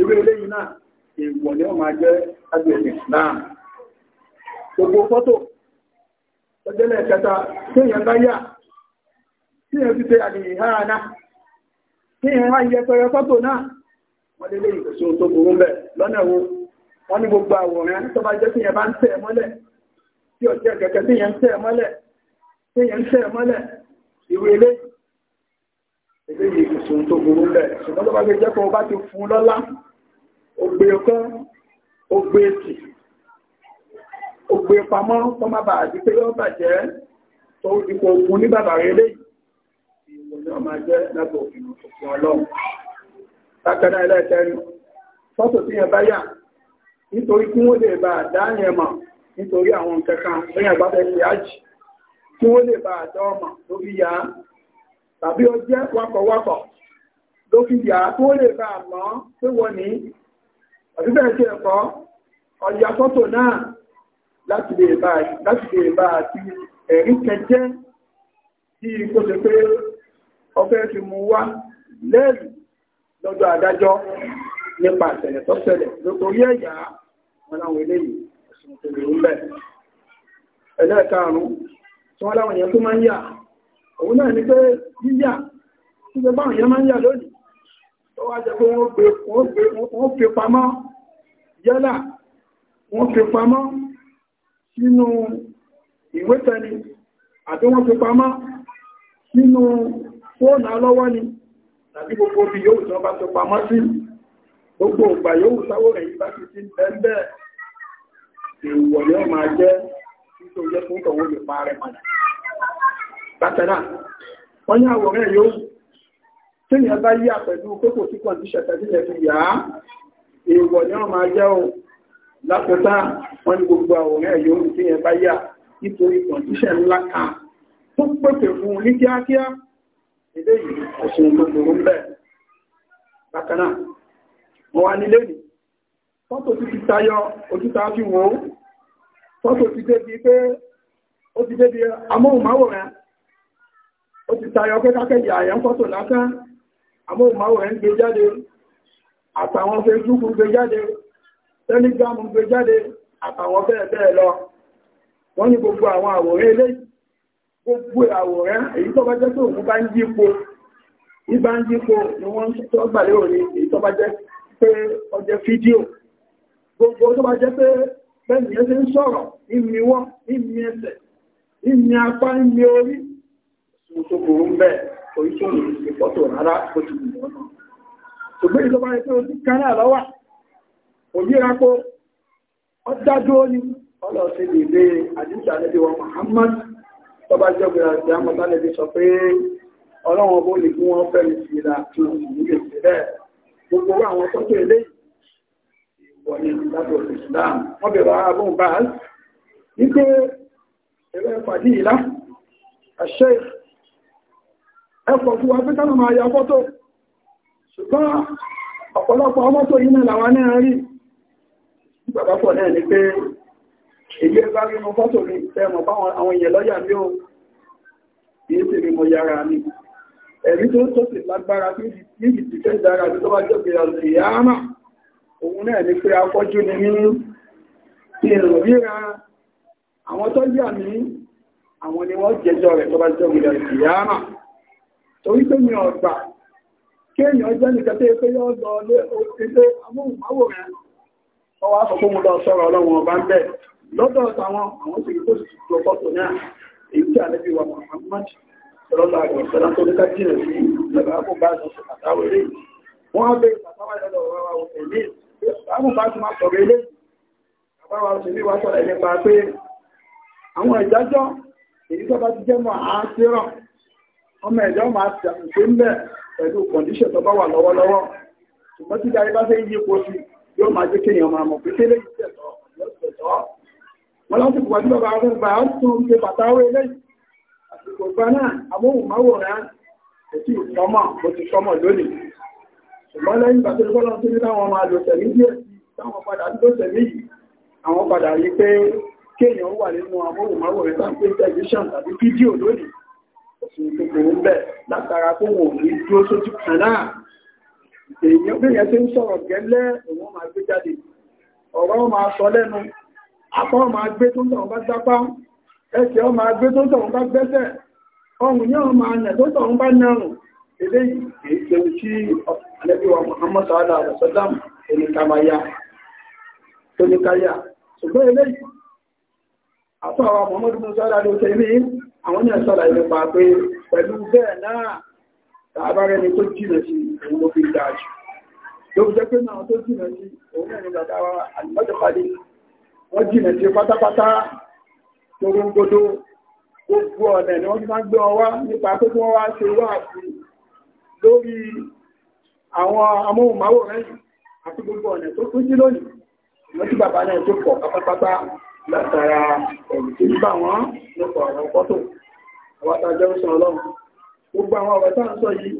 ìwé náà èèwọ̀ ni ó máa náà gbogbo fọ́tò tọ́jẹ́lẹ̀ kẹta tí èèyàn bá yà tí wọ́n lé léyìn kòsó tó burú bẹ̀ lọ́nà wo wọ́n ní gbogbo àwòrán tó bá jẹ́ tíyẹn bá ń tẹ̀ mọ́lẹ̀ tí ò jẹ́ kẹ̀kẹ́ tíyẹn ń tẹ̀ mọ́lẹ̀ tíyẹn ń tẹ̀ mọ́lẹ̀ ìwé ilé eléyìí kòsó tó burú bẹ̀ ṣùgbọ́n tó bá jẹ́ kó o bá ti fún lọ́lá ògbé e kan ògbé e tì ògbé e pamọ́ tó má bàa di pé yóò bàjẹ́ tó ipò òkun ní bàbá rẹ̀ léyìí ìwọ̀n bákanáà ẹlẹ́ẹ̀kẹrin fọ́tò tí yẹn bá yà nítorí kí wọ́n lè bá dáyẹn mọ̀ nítorí àwọn nǹkankan lẹ́yìn àgbàfẹ́ sí àjì kí wọ́n lè bá àjọ ọmọ ló fi yà á tàbí ó jẹ́ wakọ̀wakọ̀ ló fi yà á kí wọ́n lè bá àmọ́ pé wọ́n ní ọ̀dúnbẹ̀ ṣe ẹ̀kọ́ ọ̀yà fọ́tò náà láti lè bá àti ẹ̀rí kẹjẹ́ tí kò ṣe pé ọfẹ́ fi mú wá lẹ́rìí lọ́dọ̀ adájọ́ nípa àṣẹlẹ̀ tó ṣẹlẹ̀ lórí ẹ̀yà wọn láwọn eléyìí ẹ̀sùn tó lè ń bẹ̀. ẹlẹ́ẹ̀karùn-ún tí wọ́n láwọn èèyàn tó máa ń yà òun náà ní pé yíyà tí gbogbo àwọn èèyàn máa ń yà lónìí tó wá jẹ́ pé wọ́n fi pamọ́ yálà wọ́n fi pamọ́ sínú ìwé tẹni àti wọ́n fi pamọ́ sínú fóònù alọ́wọ́ ni tàbí gbogbo bí yóò tán bá tó pamọ́ sí gbogbo ògbà yóò sáwọ́ rẹ̀ yìí bá ti sí bẹ́ẹ̀ èèwọ̀ ni ó máa jẹ́ nítorí jẹ́ fún tọ̀wọ́ lè pa rẹ̀ padà bákanáà wọ́n ní àwòrán ẹ̀ yóò tí ìyẹn bá yí àpẹ̀lú kókò sí kọ̀ǹdíṣẹ̀ tàbí ẹ̀ fi yà á èèwọ̀ ni ó ilé yìí òṣèlú tó burú ń bẹ̀ bákan náà mo wá nílé nì fọ́tò ti ti tayọ ojúta fi wò ó fọ́tò ti débi pé ó ti débi amóhùnmáwòrán ó ti tayọ pé kákẹ́lì àyẹ̀ ń fọ́tò lásán amóhùnmáwòrán gbé jáde àtàwọn Facebook gbé jáde Telegram gbé jáde àtàwọn bẹ́ẹ̀ bẹ́ẹ̀ lọ wọ́n ní gbogbo àwọn àwòrán eléyìí gbogbo àwòrán èyí tó bá jẹ́ tó òun bá ń yípo ibá ń yípo ni wọ́n tó gbàlẹ́ òní èyí tó bá jẹ́ pé ọjẹ́ fídíò gbogbo tó bá jẹ́ pé bẹ́ẹ̀ni ẹ ṣe ń sọ̀rọ̀ ìmì wọ́n ìmì ẹsẹ̀ ìmì apá ìmì orí mùsùlùmí ń bẹ̀ orí lè ṣe àdíjà lẹ́bí wa Muhammad tó bá jẹ́ gbèrà ìdí àmọ́tá lè fi sọ pé ọlọ́run bó lè kí wọ́n fẹ́ mi sí ìlà tí wọ́n sì nílé sí bẹ́ẹ̀ gbogbo àwọn tó tó eléyìí ìwọ̀ ní ìdájọ́ Islam wọ́n bẹ̀rẹ̀ ara bóun bá a wípé ẹ̀rọ ìpàdé ìlà àṣẹ ẹ̀pọ̀ fún wa pé máa ya fọ́tò ṣùgbọ́n ọ̀pọ̀lọpọ̀ ọmọ yìí náà làwọn náà rí bàbá náà ni pé èyí ẹgbá rí mọ fọ́tò rí ẹmọ̀ báwọn àwọn èèyàn lọ́yà ní ó yìí sì rí mọ yára mi ẹ̀rí tó tó sì lágbára tí ìdí ti fẹ́ dára bí tó bá jọ pé àlùyáàmà òun náà ní pé afọ́jú ni mí tí ìrìn ríra àwọn tó yà mí àwọn ni wọ́n jẹjọ rẹ̀ tó bá jọ pé àlùyáàmà torí pé mi ọ̀gbà kí èèyàn jẹ́ lọ́dọ̀ àwọn àwọn tí kò sí lọ́pọ̀tọ̀ náà èyí tí àlẹ́bí wa Muhammad sọ́lọ́lá àgbẹ̀ sọ́lá tó ní ká jìnà sí ìjọba àkóbá àjọṣe àtàwérè wọ́n á bẹ̀rẹ̀ bàbá ìlọ́dọ̀ ọ̀rọ̀ àwọn òṣèlú àwọn bá ti máa sọ̀rọ̀ ilé bàbá wa òṣèlú wa sọ̀rọ̀ nípa pé àwọn ìdájọ́ èyí tó bá ti jẹ́ mọ́ àásírọ̀ ọmọ ẹ̀jọ́ máa ti àmùsí ń bẹ̀ pẹ̀lú kọ̀díṣẹ̀ tó bá wà lọ́wọ́lọ́wọ́ ṣùgbọ́n tí darí bá fẹ́ yípo sí yóò máa jẹ́ kéèyàn máa mọ̀ pé kélé yìí tẹ̀tọ́ wọ́n láti pùpà tí bàbá àwọn bàá tún ṣe pàtàwọ́ ilé àsìkò gbà náà amóhùnmáwòrán kò tí ìtọ́mọ̀ kò ti tọ́mọ̀ lónìí ṣùgbọ́n lẹ́yìn ìgbà tó ní bọ́lá tó ní táwọn máa lò tẹ̀mí díẹ̀ sí táwọn padà tó tẹ̀mí yìí àwọn padà rí pé kéèyàn wà nínú amóhùnmáwòrán tá ń pè tẹlifíṣàn tàbí fídíò lónìí òṣèlú tó kò ń bẹ̀ látara kó wọn ò ní dúró sójú kan náà èèyàn bí yẹn ti ń sọ̀rọ̀ gẹ́lẹ́ apá ọmọ agbé tó ń tọ̀wọ́n bá dápá ẹsẹ̀ ọmọ agbé tó ń tọ̀wọ́n bá gbẹ́sẹ̀ ọrùn yóò máa nẹ̀ tó ń tọ̀wọ́n bá nẹrùn eléyìí kìí ṣe ohun tí Ànábì wa Muhammad sallallahu alaihi wasallam àwọn Muhammad musa lálẹ́ òṣè ní àwọn ní ẹ̀sọ́ làyẹ̀ pa pé pẹ̀lú bẹ́ẹ̀ náà tàbárẹ́ ni tó jìnà sí òun ló fi dáa jù ló fi jẹ́ pé náà tó wọ́n jìnà sí pátápátá torí ń gbódó gbogbo ọ̀nà ni wọ́n fi máa gbé ọwá nípa pé kí wọ́n wá ṣe wá àti lórí àwọn amóhùnmáwòrán yìí àti gbogbo ọ̀nà tó tún jí lónìí wọ́n tí bàbá náà tó pọ̀ pátápátá látara ẹ̀rù tó bá wọn nípa ọ̀rọ̀ fọ́tò àwátà jẹ́rùsàn ọlọ́run gbogbo àwọn ọ̀rọ̀ tá à ń sọ yìí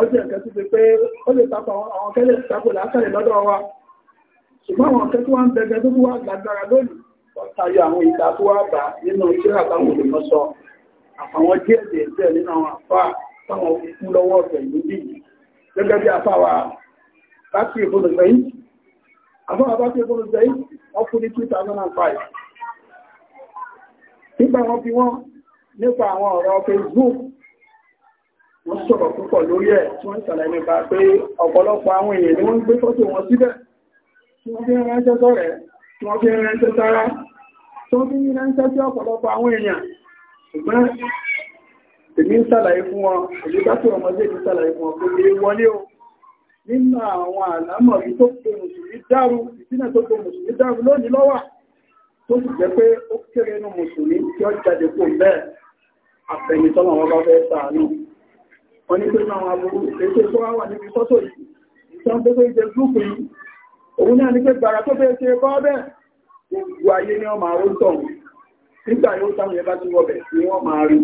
ọjọ́ ìkẹ́sí pé ó lè tapọ̀ àwọn kẹ́lẹ̀ tapọ̀ látàrí lọ́dọ̀ wa ṣùgbọ́n àwọn akẹ́kọ̀ọ́ wa ń bẹ̀gẹ̀ tó wá lágbára lónìí wọ́n tayọ àwọn ìta tó wá bá nínú iṣẹ́ àtàwọn olùmọ̀ sọ àfàwọn díẹ̀ díẹ̀ díẹ̀ nínú àwọn àfá táwọn kú lọ́wọ́ ọ̀fẹ́ ìlú bí gẹ́gẹ́ bí afá wa láti ìbọnù sẹ́yìn afá wa láti ìbọnù sẹ́yìn wọ́n fún ní 2005 nígbà wọn fi wọn nípa àwọn ọ̀rọ̀ Facebook wọ́n sọ̀rọ̀ púpọ̀ lórí ẹ̀ tí wọ́n ń ṣàlàyé nípa pé ọ̀pọ̀lọpọ̀ àwọn èèyàn ni wọ́n ń gbé fọ́tò tí wọ́n fi ń ránṣẹ́ sọ́rẹ̀ tí wọ́n fi ń ránṣẹ́ sára tó fi ń ránṣẹ́ sí ọ̀pọ̀lọpọ̀ àwọn èèyàn ṣùgbọ́n èmi ń sàlàyé fún wọn èmi bá tó ọmọdé mi sàlàyé fún wọn pé wọlé o nínú àwọn àlámọ̀ yìí tó pe mùsùlùmí dàrú lónìí lọ́wà tó sì jẹ́ pé ó kéré inú mùsùlùmí tí ó òun náà ní pé gbàrà tó fẹ́ ṣe kọ́ bẹ́ẹ̀ gbogbo ayé ni wọ́n máa rú tọ̀ nígbà yóò táwọn yẹn bá ti wọ̀ bẹ̀ ni wọ́n máa rí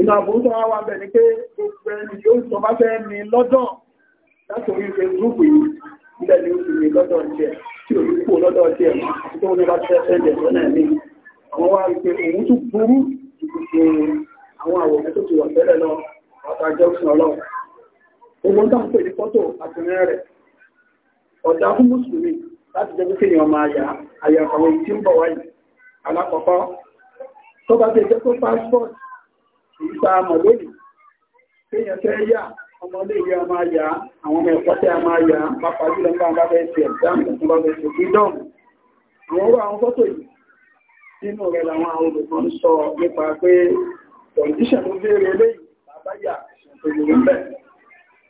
ìnà àbúrú tó wá wà bẹ̀ ni pé gbogbo ẹni yóò sọ bá fẹ́ ní lọ́dọ̀ láti orí Facebook yìí ilẹ̀ ni ó sì ní lọ́dọ̀ tiẹ̀ tí ò ní kú lọ́dọ̀ tiẹ̀ àti tó ní bá fẹ́ fẹ́ jẹ̀ sọ́nà ẹ̀mí àwọn wá rí pé òun tún burú ju àwọn àwòrán tó ti wà tẹ́lẹ̀ ọ̀dá fún mùsùlùmí láti jẹ́ pípé ni ọmọ àyà àyà àwọn èyí tí ń bọ̀ wáyé alákọ̀ọ́kọ́ tó bá ti jẹ́ pé passport kìí sa mọ̀ lónìí téèyàn fẹ́ yà ọmọ iléèwé a máa yà àwọn ọmọ ẹ̀kọ́ tẹ́ a máa yà pàápàá jùlọ nípa bá fẹ́ ṣe ẹ̀dáàmù fún bá fẹ́ ṣe freedom àwọn ọwọ́ àwọn fọ́tò yìí nínú rẹ̀ làwọn àwọn olùkọ́ condition tó béèrè eléyìí bàbá yà ìṣẹ̀tò yorùbá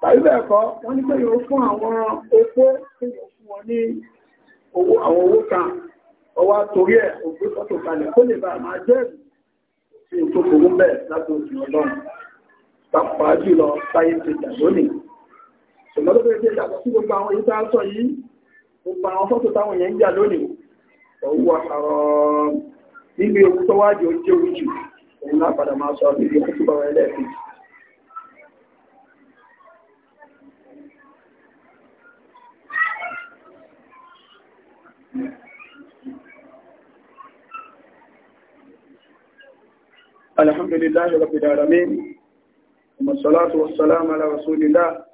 tàbí bẹ́ẹ̀ kọ́ wọ́n ní pé yóò fún àwọn opó pé yóò fún wọn ní àwọn owó kan ọwá torí ẹ̀ ògbé fọ́tò kalẹ̀ kó lè bá máa jẹ́ sí tó kòrò bẹ́ẹ̀ láti òsì ọlọ́run pàpàá jùlọ sáyé ti jà lónìí ṣùgbọ́n ló bẹ̀rẹ̀ yàtọ̀ sí gbogbo àwọn ìta sọ yìí gbogbo àwọn fọ́tò táwọn èèyàn ń jà lónìí ọwọ́ àrọ̀ níbi ewu tó wájú ó jẹ́ ojú òun lápadà máa sọ الحمد لله رب العالمين والصلاة والسلام على رسول الله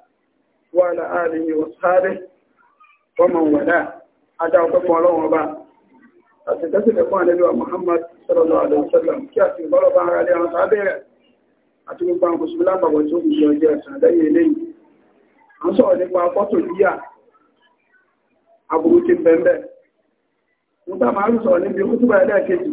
وعلى آله وصحابه ومن والاه أدعى وقفوا الله وبعد أتتسل إخوان نبي محمد صلى الله عليه وسلم كأتي بلو بان عليه وصحابه أتقول بان بسم الله بوجوه الجوجة سندي إليه أنصر لك وأفضل ليا أبو تنبنبه nígbà máa ń sọ níbi kútùbà ẹlẹ́ẹ̀kejì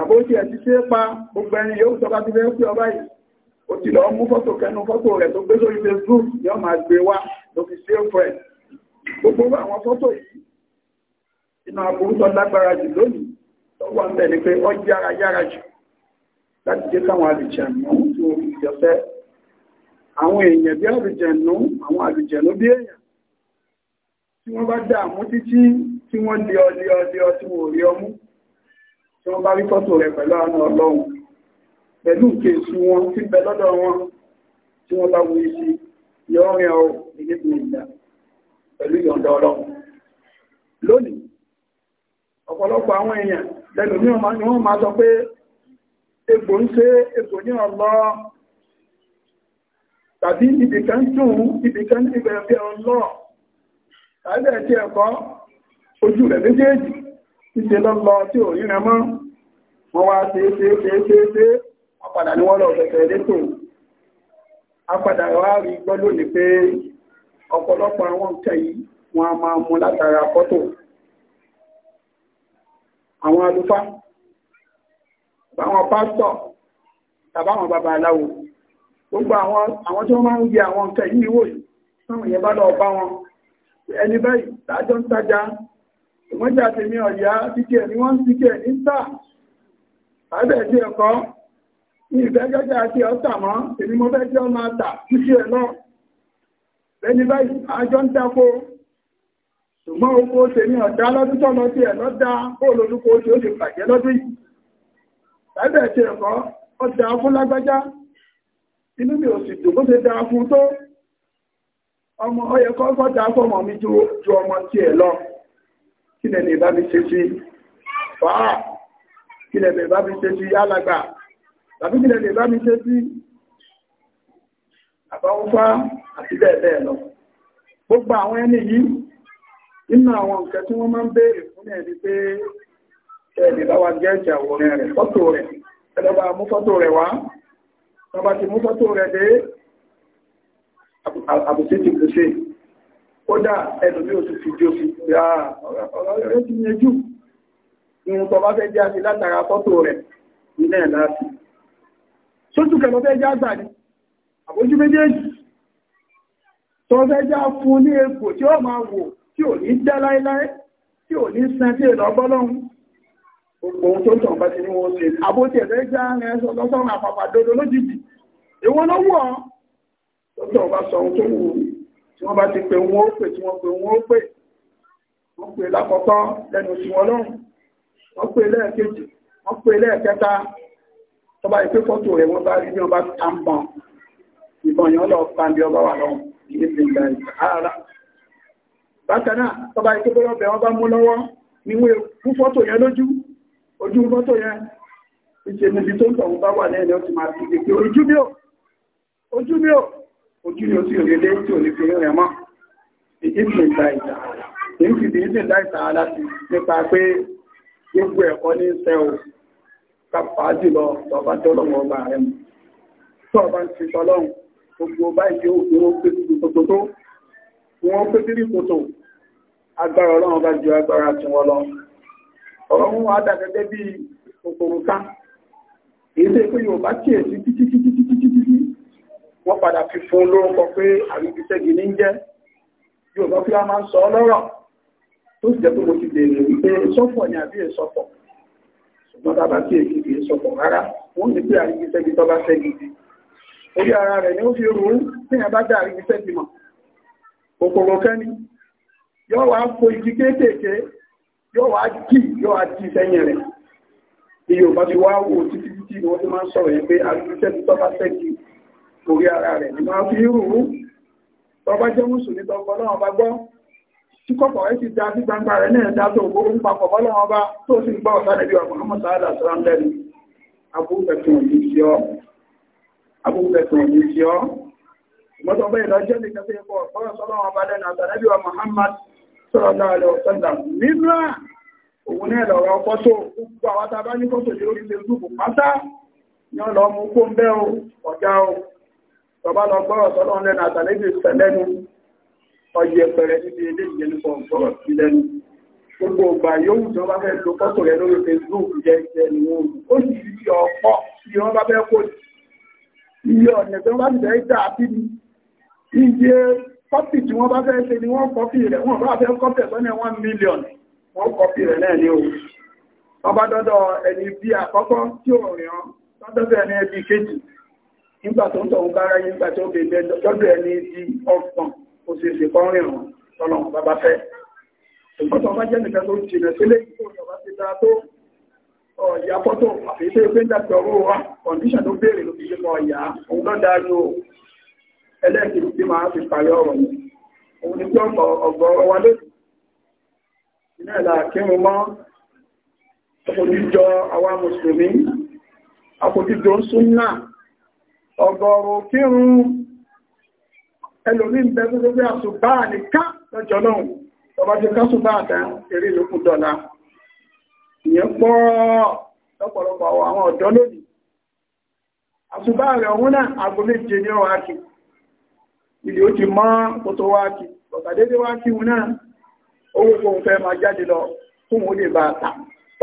tàbí ó ti ẹ̀ ti ṣe é pa gbogbo ẹni yóò sọ bá ti fẹ́ sí ọba yìí ó ti lọ mú fọ́tò kẹnu fọ́tò rẹ̀ tó gbé sórí Facebook yóò máa gbé wá ló fi ṣe é fọ́ ẹ̀ gbogbo àwọn fọ́tò yìí iná aburú tó lágbára jù lónìí tó wà ń bẹ̀ ni pé ó yára yára jù láti jẹ́ káwọn àlùjẹ̀nù tí wọ́n fi jọ́sẹ́ àwọn èèyàn bí àlùjẹ̀nù àwọn àlùjẹ̀nù bí èèyàn tí wọ́n bá dààmú títí tí wọ́n lé ọ lé ọ lé ọ tí wọ́n rí ọmú tí wọ́n bá rí fọ́tò rẹ̀ pẹ̀lú àánú ọlọ́run pẹ̀lú kéèsù wọn tí bẹ lọ́dọ̀ wọn tí wọ́n bá wúrí sí yọ́rin ọ ìdíkùn ìgbà pẹ̀lú ìyọ̀ǹda ọlọ́run lónìí ọ̀pọ̀lọpọ̀ àwọn èèyàn lẹ́nu ní wọ́n máa sọ pé egbò ń ṣe egbò ní ọlọ́ tàbí ibìkan tún ibìkan nígbẹ̀rẹ̀ bí ọlọ́ tàbí ẹ̀kọ́ ojú rẹ̀ méjèèjì títẹ lọ́lọ́ tí ò rí rẹmọ́ wọ́n wá ṣe ṣe ṣe ṣe ṣe apàdà ní wọ́n lọ fẹ̀fẹ̀ létò apàdà wá rí gbọ́ lónìí pé ọ̀pọ̀lọpọ̀ àwọn nǹkan yìí wọ́n a máa mú látara fọ́tò àwọn àlùfáà báwọn pásítọ̀ tàbáwọn bàbá aláwo gbogbo àwọn tí wọ́n máa ń gbé àwọn nǹkan yìí wò yìí táwọn yẹn bá lọ bá wọn ẹni báyìí lájọ́ ń tajà wọ́n jà tèmi ọ̀yá síkẹ̀ ní wọ́n síkẹ̀ ní tà àbẹ̀ tí ẹ̀kọ́ ní ìfẹ́jọ́jà àti ọ̀tà mọ́ èmi mo fẹ́ jẹ́ ọmọ àtà títí ẹ̀ náà lẹ́ni báyìí àjọ ń dáko ṣùgbọ́n oko tèmi ọ̀dá lọ́dún tọ́lọ tí ẹ̀ lọ́dá bóòlù olùkó tí ó lè bàjẹ́ lọ́dún yìí àbẹ̀ tí ẹ̀kọ́ ó dá fún lágbájá inú mi ò sì dùn bó ṣe dá fún tó ọmọ ọyẹ̀kọ́ kọ́ dá fún ọmọ mi ju kílẹ̀ lè bá mi ṣe sí fàá kílẹ̀ lè bá mi ṣe sí yálàgbà tàbí kílẹ̀ lè bá mi ṣe sí àbáwọ́fá àti bẹ́ẹ̀ bẹ́ẹ̀ lọ gbogbo àwọn ẹni yìí nínú àwọn nǹkan tí wọ́n máa ń béèrè fún ẹ̀ ni pé ẹ̀lẹ̀ bá wa gẹ́ẹ̀kì àwòrán rẹ̀ fọ́tò rẹ̀ ẹlọ́bà mú fọ́tò rẹ̀ wá kódà ẹnu bí o tún fi jó sí ìyá ọ̀rọ̀ rẹ̀ ti yẹn jù ìwọ̀n tó bá fẹ́ jẹ́ àti látara fọ́tò rẹ̀ ilé ẹ̀ láti sójú kẹlọ fẹ́ jẹ́ àgbà ni àbójú méjèèjì tó fẹ́ jẹ́ fún ní egbò tí ó máa wò tí ò ní dá láéláé tí ò ní san tí èlò ọgbọ́lọ́hun gbogbo ohun tó tàn bá ti ní wọ́n ṣe àbójú ẹ̀fẹ́ já rẹ̀ tí wọ́n bá ti pè wọ́n ó pè tí wọ́n pè wọ́n ó pè wọ́n pè lákọ̀ọ́kọ́ lẹ́nu sí wọn lọ́rùn wọ́n pè lẹ́ẹ̀kejì wọ́n pè lẹ́ẹ̀kẹta tó bá ìpé fọ́tò rẹ̀ wọ́n bá rí ní ọba tàbọn ìbọn yàn lọ pàǹdì ọba wà lọ́rùn ní ìpínlẹ̀ ara ojú ni ó sì òye lé tí ò ní fi rẹ̀ mọ́ ìdíkùn ìgbà ìjà èyí fi bí ìdíkùn láìsà gbogbo ẹ̀kọ́ ní sẹ́ o kápá jùlọ tọba tọ́lọ́wọ́ ọba rẹ̀ mọ́ tí ọba ń fi tọ́lọ́hùn gbogbo báyìí ó gbé wọn pé sí kòtò tó wọn pé sí kòtò agbára ọlọ́run bá ju agbára tí wọn lọ ọ̀rọ̀ wọn wá dà gẹ́gẹ́ bí kòkòrò ká èyí tó yẹ pé Yorùbá wọ́n padà fi fún lórúkọ pé àríkíṣẹ́gi ní jẹ́ yóò lọ fi a máa ń sọ ọlọ́rọ̀ tó sì jẹ́ pé mo ti bèèrè wípé sọ́fọ̀ ni àbí èsọ́fọ̀ ṣùgbọ́n tá a bá sí èkì kì í sọ́fọ̀ rárá wọ́n ní pé àríkíṣẹ́gi tó bá fẹ́ gidi orí ara rẹ̀ ni ó fi rú tí a bá dá àríkíṣẹ́gi mọ̀ kòkòrò kẹ́ni yóò wá fo igi kéékèèké yóò wá kì yóò wá ti sẹ́yìn rẹ̀ iye ò bá ti wá wò títí títí ni wọ́n ti máa ń sọ̀rọ̀ yẹn pé àríkíṣẹ́gi tó bá fẹ́ gi orí ara rẹ̀ ni máa fi rù ú tọba jẹ́ mùsùlùmí tọkọ náà bá gbọ́ tí kọ̀kọ̀ rẹ̀ ti da sí gbangba rẹ̀ náà dá tó gbogbo papọ̀ bọ́lọ́ ọba tó sì gbọ́ ọ̀sán níbi ọ̀pọ̀ ọmọ sáádà sọ́rọ̀ lẹ́nu abúgbẹ̀tún òní sí ọ́ ìmọ́tọ̀ bẹ́ẹ̀ lọ jẹ́ nìkan Muhammad sọ́rọ̀ lọ́wọ́ sọ́lọ́ nínú òun náà lọ́rọ̀ fọ́tò gbogbo àwọn tàbá ní fọ́tò lórí Facebook pátá ni wọ́n lọ mú kó ń bẹ́ ọ̀gá bàbá lọ gbọ́rọ̀ sọ́lọ́ lẹ́nu àtàlẹ́bí sẹ lẹ́nu ọyẹ pẹ̀rẹ̀ níbi ilé ìjẹni pọ̀ gbọ́rọ̀ sí lẹ́nu gbogbo ọgbà yóò tó bá fẹ́ lo fọ́tò rẹ lórí Facebook jẹ́ jẹ́ ni wọ́n ó sì fi ọ̀pọ̀ tí wọ́n bá fẹ́ kó iye ọ̀nà tó bá fẹ́ dà sí ni iye kọ́pì tí wọ́n rẹ̀ wọ́n ní one million dọ́dọ̀ ẹni bí àkọ́kọ́ tí ò rìn ọ́ lọ́dọ́dọ̀ ẹni ẹbí kejì nígbà tó ń tọ̀ ń bára yín nígbà tó bèbè lọ́dọ̀ ẹni di ọ̀pọ̀ kò sì sì kọ́ rìn rùn tọ́lọ̀ bàbá fẹ́ ṣùgbọ́n tó bá jẹ́ nìkan tó jìnà sílé ìgbòho bá ti dáa tó ọ̀yà fọ́tò àfihàn pé dàpẹ̀ ọwọ́ wa kọ̀ndíṣàn tó béèrè ló fi yé mọ ọ̀yà òun lọ́ dáa ju ẹlẹ́ẹ̀kì tí máa fi parí ọ̀rọ̀ yìí òun ni pé ọ̀gọ̀ọ̀rọ̀ wa lónìí iná ìlà kírun mọ́ ọgọ́rùn kírun ẹlòmí bẹ tó gbé àṣùgbà nìká lọ́jọ́ náà ọba ti kásùgbà àtà eré lókù dọ́là ìyẹn pọ̀ lọ́pọ̀lọpọ̀ àwọn ọ̀dọ́ lónìí àṣùgbà rẹ̀ ọ̀hún náà aago méje ní ọwá kí ilé ó ti mọ́ kó tó wá kí ọ̀tàdédé wá kí wọn náà owó kó fẹ́ máa jáde lọ fún òun lè bá ta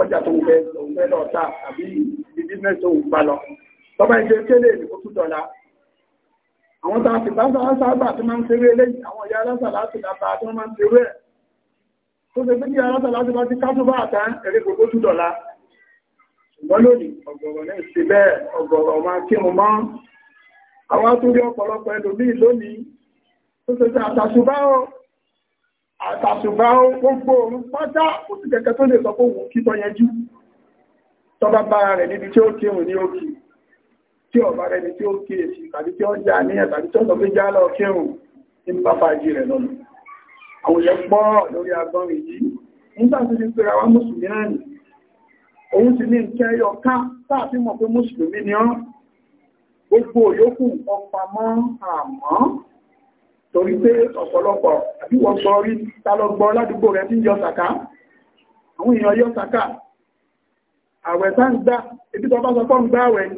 ọjà tó fẹ́ lọ ta àbí ibi bísínẹ́sì tó tọ́ba ìjẹ́ kélé ní kó tútọ́lá àwọn tàà sì bá sáábà tí máa ń ṣeré eléyìí àwọn ìyá alásà láti lápá tí wọ́n máa ń ṣeré ẹ̀ tó ṣe fún ìyá alásà láti bá ti kájú bá àtà ẹ̀rẹ́ kò tó tútọ́lá ṣùgbọ́n lónìí ọ̀gọ̀rọ̀ náà ṣe bẹ́ẹ̀ ọ̀gọ̀rọ̀ máa kí mo mọ́ àwọn atúndí ọ̀pọ̀lọpọ̀ ẹlòmíì lónìí tó ṣe ṣe àtàṣùbá ó àtàṣùbá ó gbogbo òun pátá ó sì kẹ̀kẹ́ tó lè sọ pé òun kí tọ́ yẹn jú tọ́ba bára níbi tí ó kírun ní òkè tí ọ̀bá rẹ̀ ni tí ó kíyèsí tàbí tí ó já ní ẹ̀ tàbí tí ó sọ pé já lọ kírun ní bá fàájì rẹ̀ lọ́nà àwọn èèyàn pọ̀ lórí agbọ́nrin yìí nígbà tó ti pèrè àwọn mùsùlùmí náà nì òun ti ní nǹkan ẹyọ ká sáàfí mọ̀ pé mùsùlùmí ni ọ́n gbogbo yòókù ọpamọ́ àmọ́ torí pé ọ̀pọ̀lọpọ̀ àbí wọ́n sọ rí tálọ́gbọ́ ládùúgbò rẹ̀ tí ń yọ sàká àwọn èèyàn yọ sàká àwẹ̀ tá ń gbá ebi tó bá sọ fọ́n gbá àwẹ̀ ni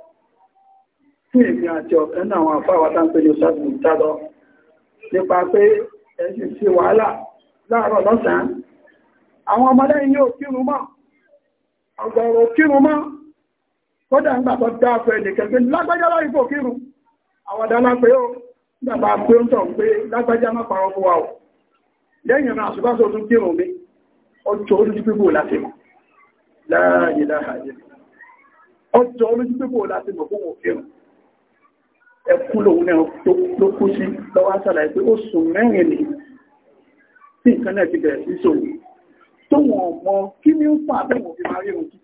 tí àti ọ̀kan náà àwọn àfáwà tá ní sọ́ọ̀tì ìtàlọ nípa pé ẹ̀sìn sí wàhálà láàárọ̀ lọ́sàn-án àwọn ọmọlẹ́yìn yóò kírun mọ́ mọ́ ọjọ́ olójú pípò láti mọ̀ láàyè láàyè ọjọ́ olójú pípò láti mọ̀ fún òkèrùn ẹkú lòun náà ló kú sí lọ́wọ́ sàlàyé pé ó sùn mẹ́rin ni tí nǹkan náà ti bẹ̀rẹ̀ sí sòwò tó wọ̀n mọ kí ní ń fún abẹ́wọ̀n fi máa rírun kí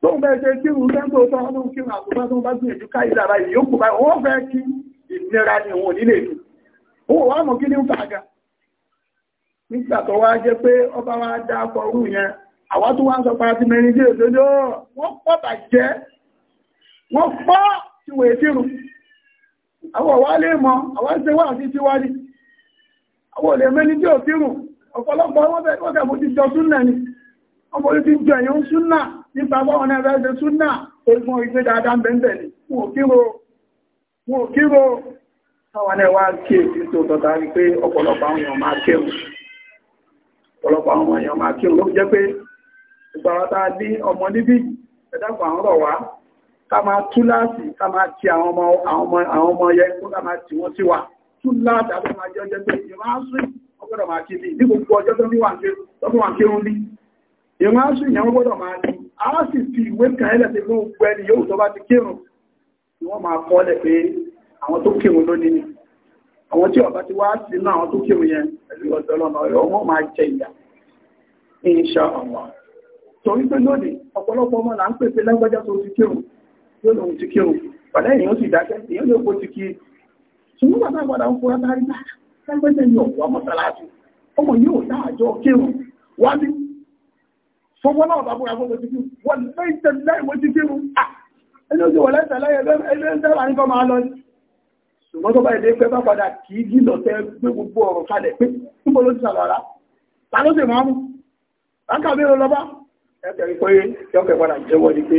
tóun bẹ́ẹ̀ ṣe kírun sẹ́ńtò tó wọn ló ń kírun àkókò tó ń bá gbìyànjú káyìí lára ìyókù báyìí wọ́n fẹ́ kí ìnira ni òun ò nílé ìlú òun wà mọ̀ kí ní ń fa àga nígbà tó wá jẹ́ pé ọba wá dá ọrú yẹn àwọn tó wá ń sọ pé ti mẹ́rin díẹ̀ lójó wọ́n pọ̀ bàjẹ́ wọ́n pọ̀ tí wọ́n ètìrù àwọn wà lè mọ́ àwọn ṣe wà sí tí wá ní àwọn olè mẹ́ni tí ò tírù ọ̀pọ̀lọpọ̀ wọ́n tẹ̀ mú ti jọ súnnà ni ọmọ orí ti jọ èyàn súnnà nípa báwọn náà fẹ́ ṣe súnnà ogun ìgbé dáadáa bẹ̀ẹ̀bẹ̀ ni wọn ò kíro táwọn náà wá kí èsì tó tọ̀ta rí pé ọ̀pọ̀lọpọ̀ àwọn èèyàn máa kírù ọ̀pọ̀lọpọ̀ ló jẹ́ pé ìgbàwátá ní ọmọ níbí ẹ̀dàpọ̀ àwọn rọ̀ wá ká máa túláàsì ká máa ti àwọn ọmọ yẹ kó ká máa tì wọ́n sí wa túláàsì àbẹ́ máa jẹ́ ọjọ́ pé ìrọ̀ áṣùn ọgbọ́dọ̀ máa kí ní ní gbogbo ọjọ́ tó wà ń kírun ní ìrọ̀ áṣùn ìyẹn wọ́n gbọ́dọ̀ máa ní a sì fi ìwé kan ẹlẹ́ ti fún gbogbo ẹni yóò tó bá ti kírun ni wọ́n máa kọ́ lẹ̀ pé àwọn tó kírun lónìí ni àwọn tí ọba ti wá sínú àwọn tó kírun yẹn pẹ̀lú ọ̀dọ́ lọ́nà ọ̀yọ́ wọn máa jẹ ìyà insha Allah torí pé lónìí ọ̀pọ̀lọpọ̀ ọmọ là ń pèsè lágbájá tó ti kírun yóò lòun ti kírun pàdé èèyàn sì dákẹ́ èèyàn lè kó ti kí ṣùgbọ́n bàbá àgbàdà ń fura tárí bá lágbẹ́sẹ̀ ní ọ̀wọ́ mọ́sálásí ọmọ yóò dá àjọ kírun wá ní fọwọ́ náà bàbá àgbà mo ti kí wọ́n lẹ́sẹ̀ láì mo ti kírun ẹni ó ti wọ̀ lẹ́sẹ̀ láì ẹgbẹ́ láì kọ́ máa lọ ṣùgbọ́n tó bá ilé pẹ́ bá padà kì í gílọ̀ tẹ́ gbé gbogbo ọ̀rọ̀ kalẹ̀ pé níbo ló ti sàlọ́ra ta ló sì máa mú láǹkà mélòó lọ bá ẹ̀kẹ́ pé yọkẹ̀ padà jẹ́wọ́ ni pé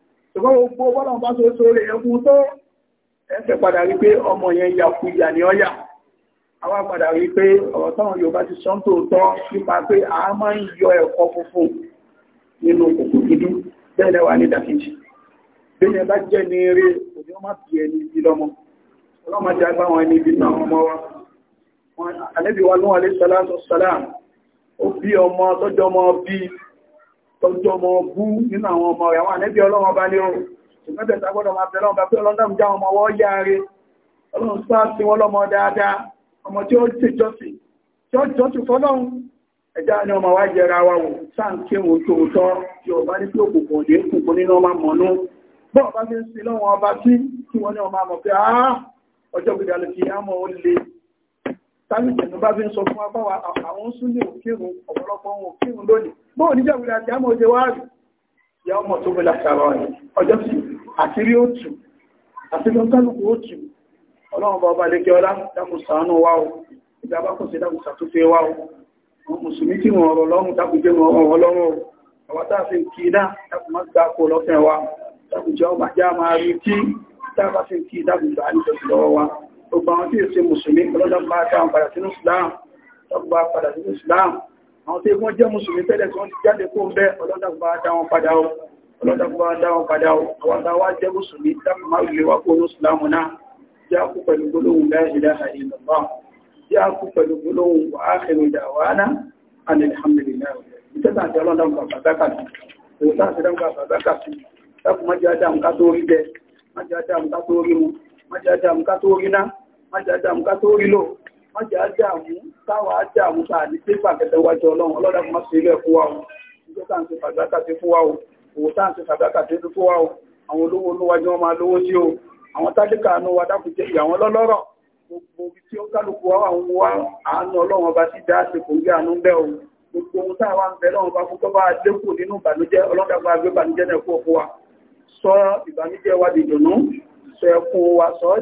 ṣùgbọ́n gbogbo bọ́lọ̀ bá so so rẹ̀ ẹkùn tó ẹsẹ̀ padà rí pé ọmọ yẹn ya kú ìyà ní ọyà àwọn padà rí pé ọ̀rọ̀ a máa ń yọ ẹ̀kọ́ funfun nínú kòkò gidi bẹ́ẹ̀ lẹ́wà ní dàkejì bẹ́ẹ̀ bá jẹ́ ní eré òní ọmọ bí ẹni ibi lọ́mọ ọlọ́mọ náà ọmọ wa alẹ́bí wa lóhun alẹ́ ó bí ọmọ tọ́jọ́ ọmọ bíi tọjọ́ ọmọ ọbú nínú àwọn ọmọ rẹ̀ àwọn ànẹ́bí ọlọ́wọ́n bá ní o ìmẹ́bẹ̀ta gbọ́dọ̀ máa tẹ́lọ́wọ́n bá pé ọlọ́dọ̀mù já ọmọ ọwọ́ yá rẹ̀ ọlọ́run sáà sí wọn lọ́mọ dáadáa ọmọ tí ó ti jọ́sìn tí ó jọ́sìn fọ́lọ́run ẹjá ni ọmọ wá jẹra wa wò sáà ń kéwòn tòótọ́ tí ó bá ní pé òkùnkùn òdé kùnkùn nínú ọmọ mọ̀nú bọ́ ọba fi ń sin lọ́wọ́n ọba tí kí wọ́n ní ọmọ mọ̀ pé ọjọ́ gbìdàlẹ̀ fi á mọ̀ ó le tánìjẹ̀nù bá fi ń sọ fún apáwà àwọn súnlé òkèrún ọ̀pọ̀lọpọ̀ ohun òkèrún lónìí bóò níjà wùlẹ̀ àti àmọ́ òjò wáàrí ya ọmọ tó bẹ̀lẹ̀ àtàrà rẹ̀ ọjọ́ sí àtírí òtù àtírí òtàlùkù òtù ọlọ́run bàbá lẹ́kẹ́ ọlá dákùsàánú wá o ìjàbá kò sí dákùsàtúfẹ́ wá o wọn mùsùlùmí tí wọn ọ̀rọ̀ lọ́rùn dákùjẹ́ wọn ọ̀rọ̀ lọ́rùn àwọn tá a fi ń kí dá dákùmá gbà kó lọ́fẹ́ wa dákùjẹ́ ọmọ ajá máa rí tí tá a bá fi ń kí dákùjẹ́ gbogbo àwọn tí èsè mùsùlùmí ọlọ́dọ́gbà dáhùn padà sínú Islam ọgbà padà sínú Islam àwọn tí wọ́n jẹ́ mùsùlùmí tẹ́lẹ̀ tí wọ́n ti jáde kó ń bẹ́ ọlọ́dọ́gbà dáhùn padà ó ọlọ́dọ́gbà dáhùn padà ó àwọn àtàwà jẹ́ mùsùlùmí dáhùn máa lè wá kó ní Islam náà tí a kú pẹ̀lú gbólóhùn la ilaha illallah tí a kú pẹ̀lú gbólóhùn wa akhiru da'wana alhamdulillah ìtẹ́ta àti ọlọ́dọ́gbà bàbákà sí òótá àti ọlọ́dọ́gbà bàbákà sí dákùn má jẹ́ àdàm ká tó rí bẹ́ẹ̀ má jẹ́ àdàm ká tó rí mu má jẹ́ àdàm ká tó rí náà májá dàmú ká tó rí lò májá dàmú táwa dàmú tá à ní pépà kẹtẹ wájú ọlọ́run ọlọ́dà fún máṣe ilé ẹ̀kọ́ wa o ìjọ tá à ń ṣe fàdákà sí fún wa o òwò tá à ń ṣe fàdákà sí fún wa o àwọn olówó olówájú wọn máa lówó sí o àwọn tálíkà àánú wa dákun jẹ ìyàwó lọ́lọ́rọ̀ gbogbo ibi tí ó kálukú wa àwọn wa àánú ọlọ́run ọba sí dá àsìkò ní àánú bẹ́ẹ̀ o gbogbo ohun táwa ń bẹ lọ́run bá fún bá dínkù nínú ìbànújẹ́ ọlọ́dàgbà agbé ìbànújẹ́ náà kú ọkọ wa sọ ìbànújẹ́ wa dìdùnú sọ ẹkún wa sọ ọ́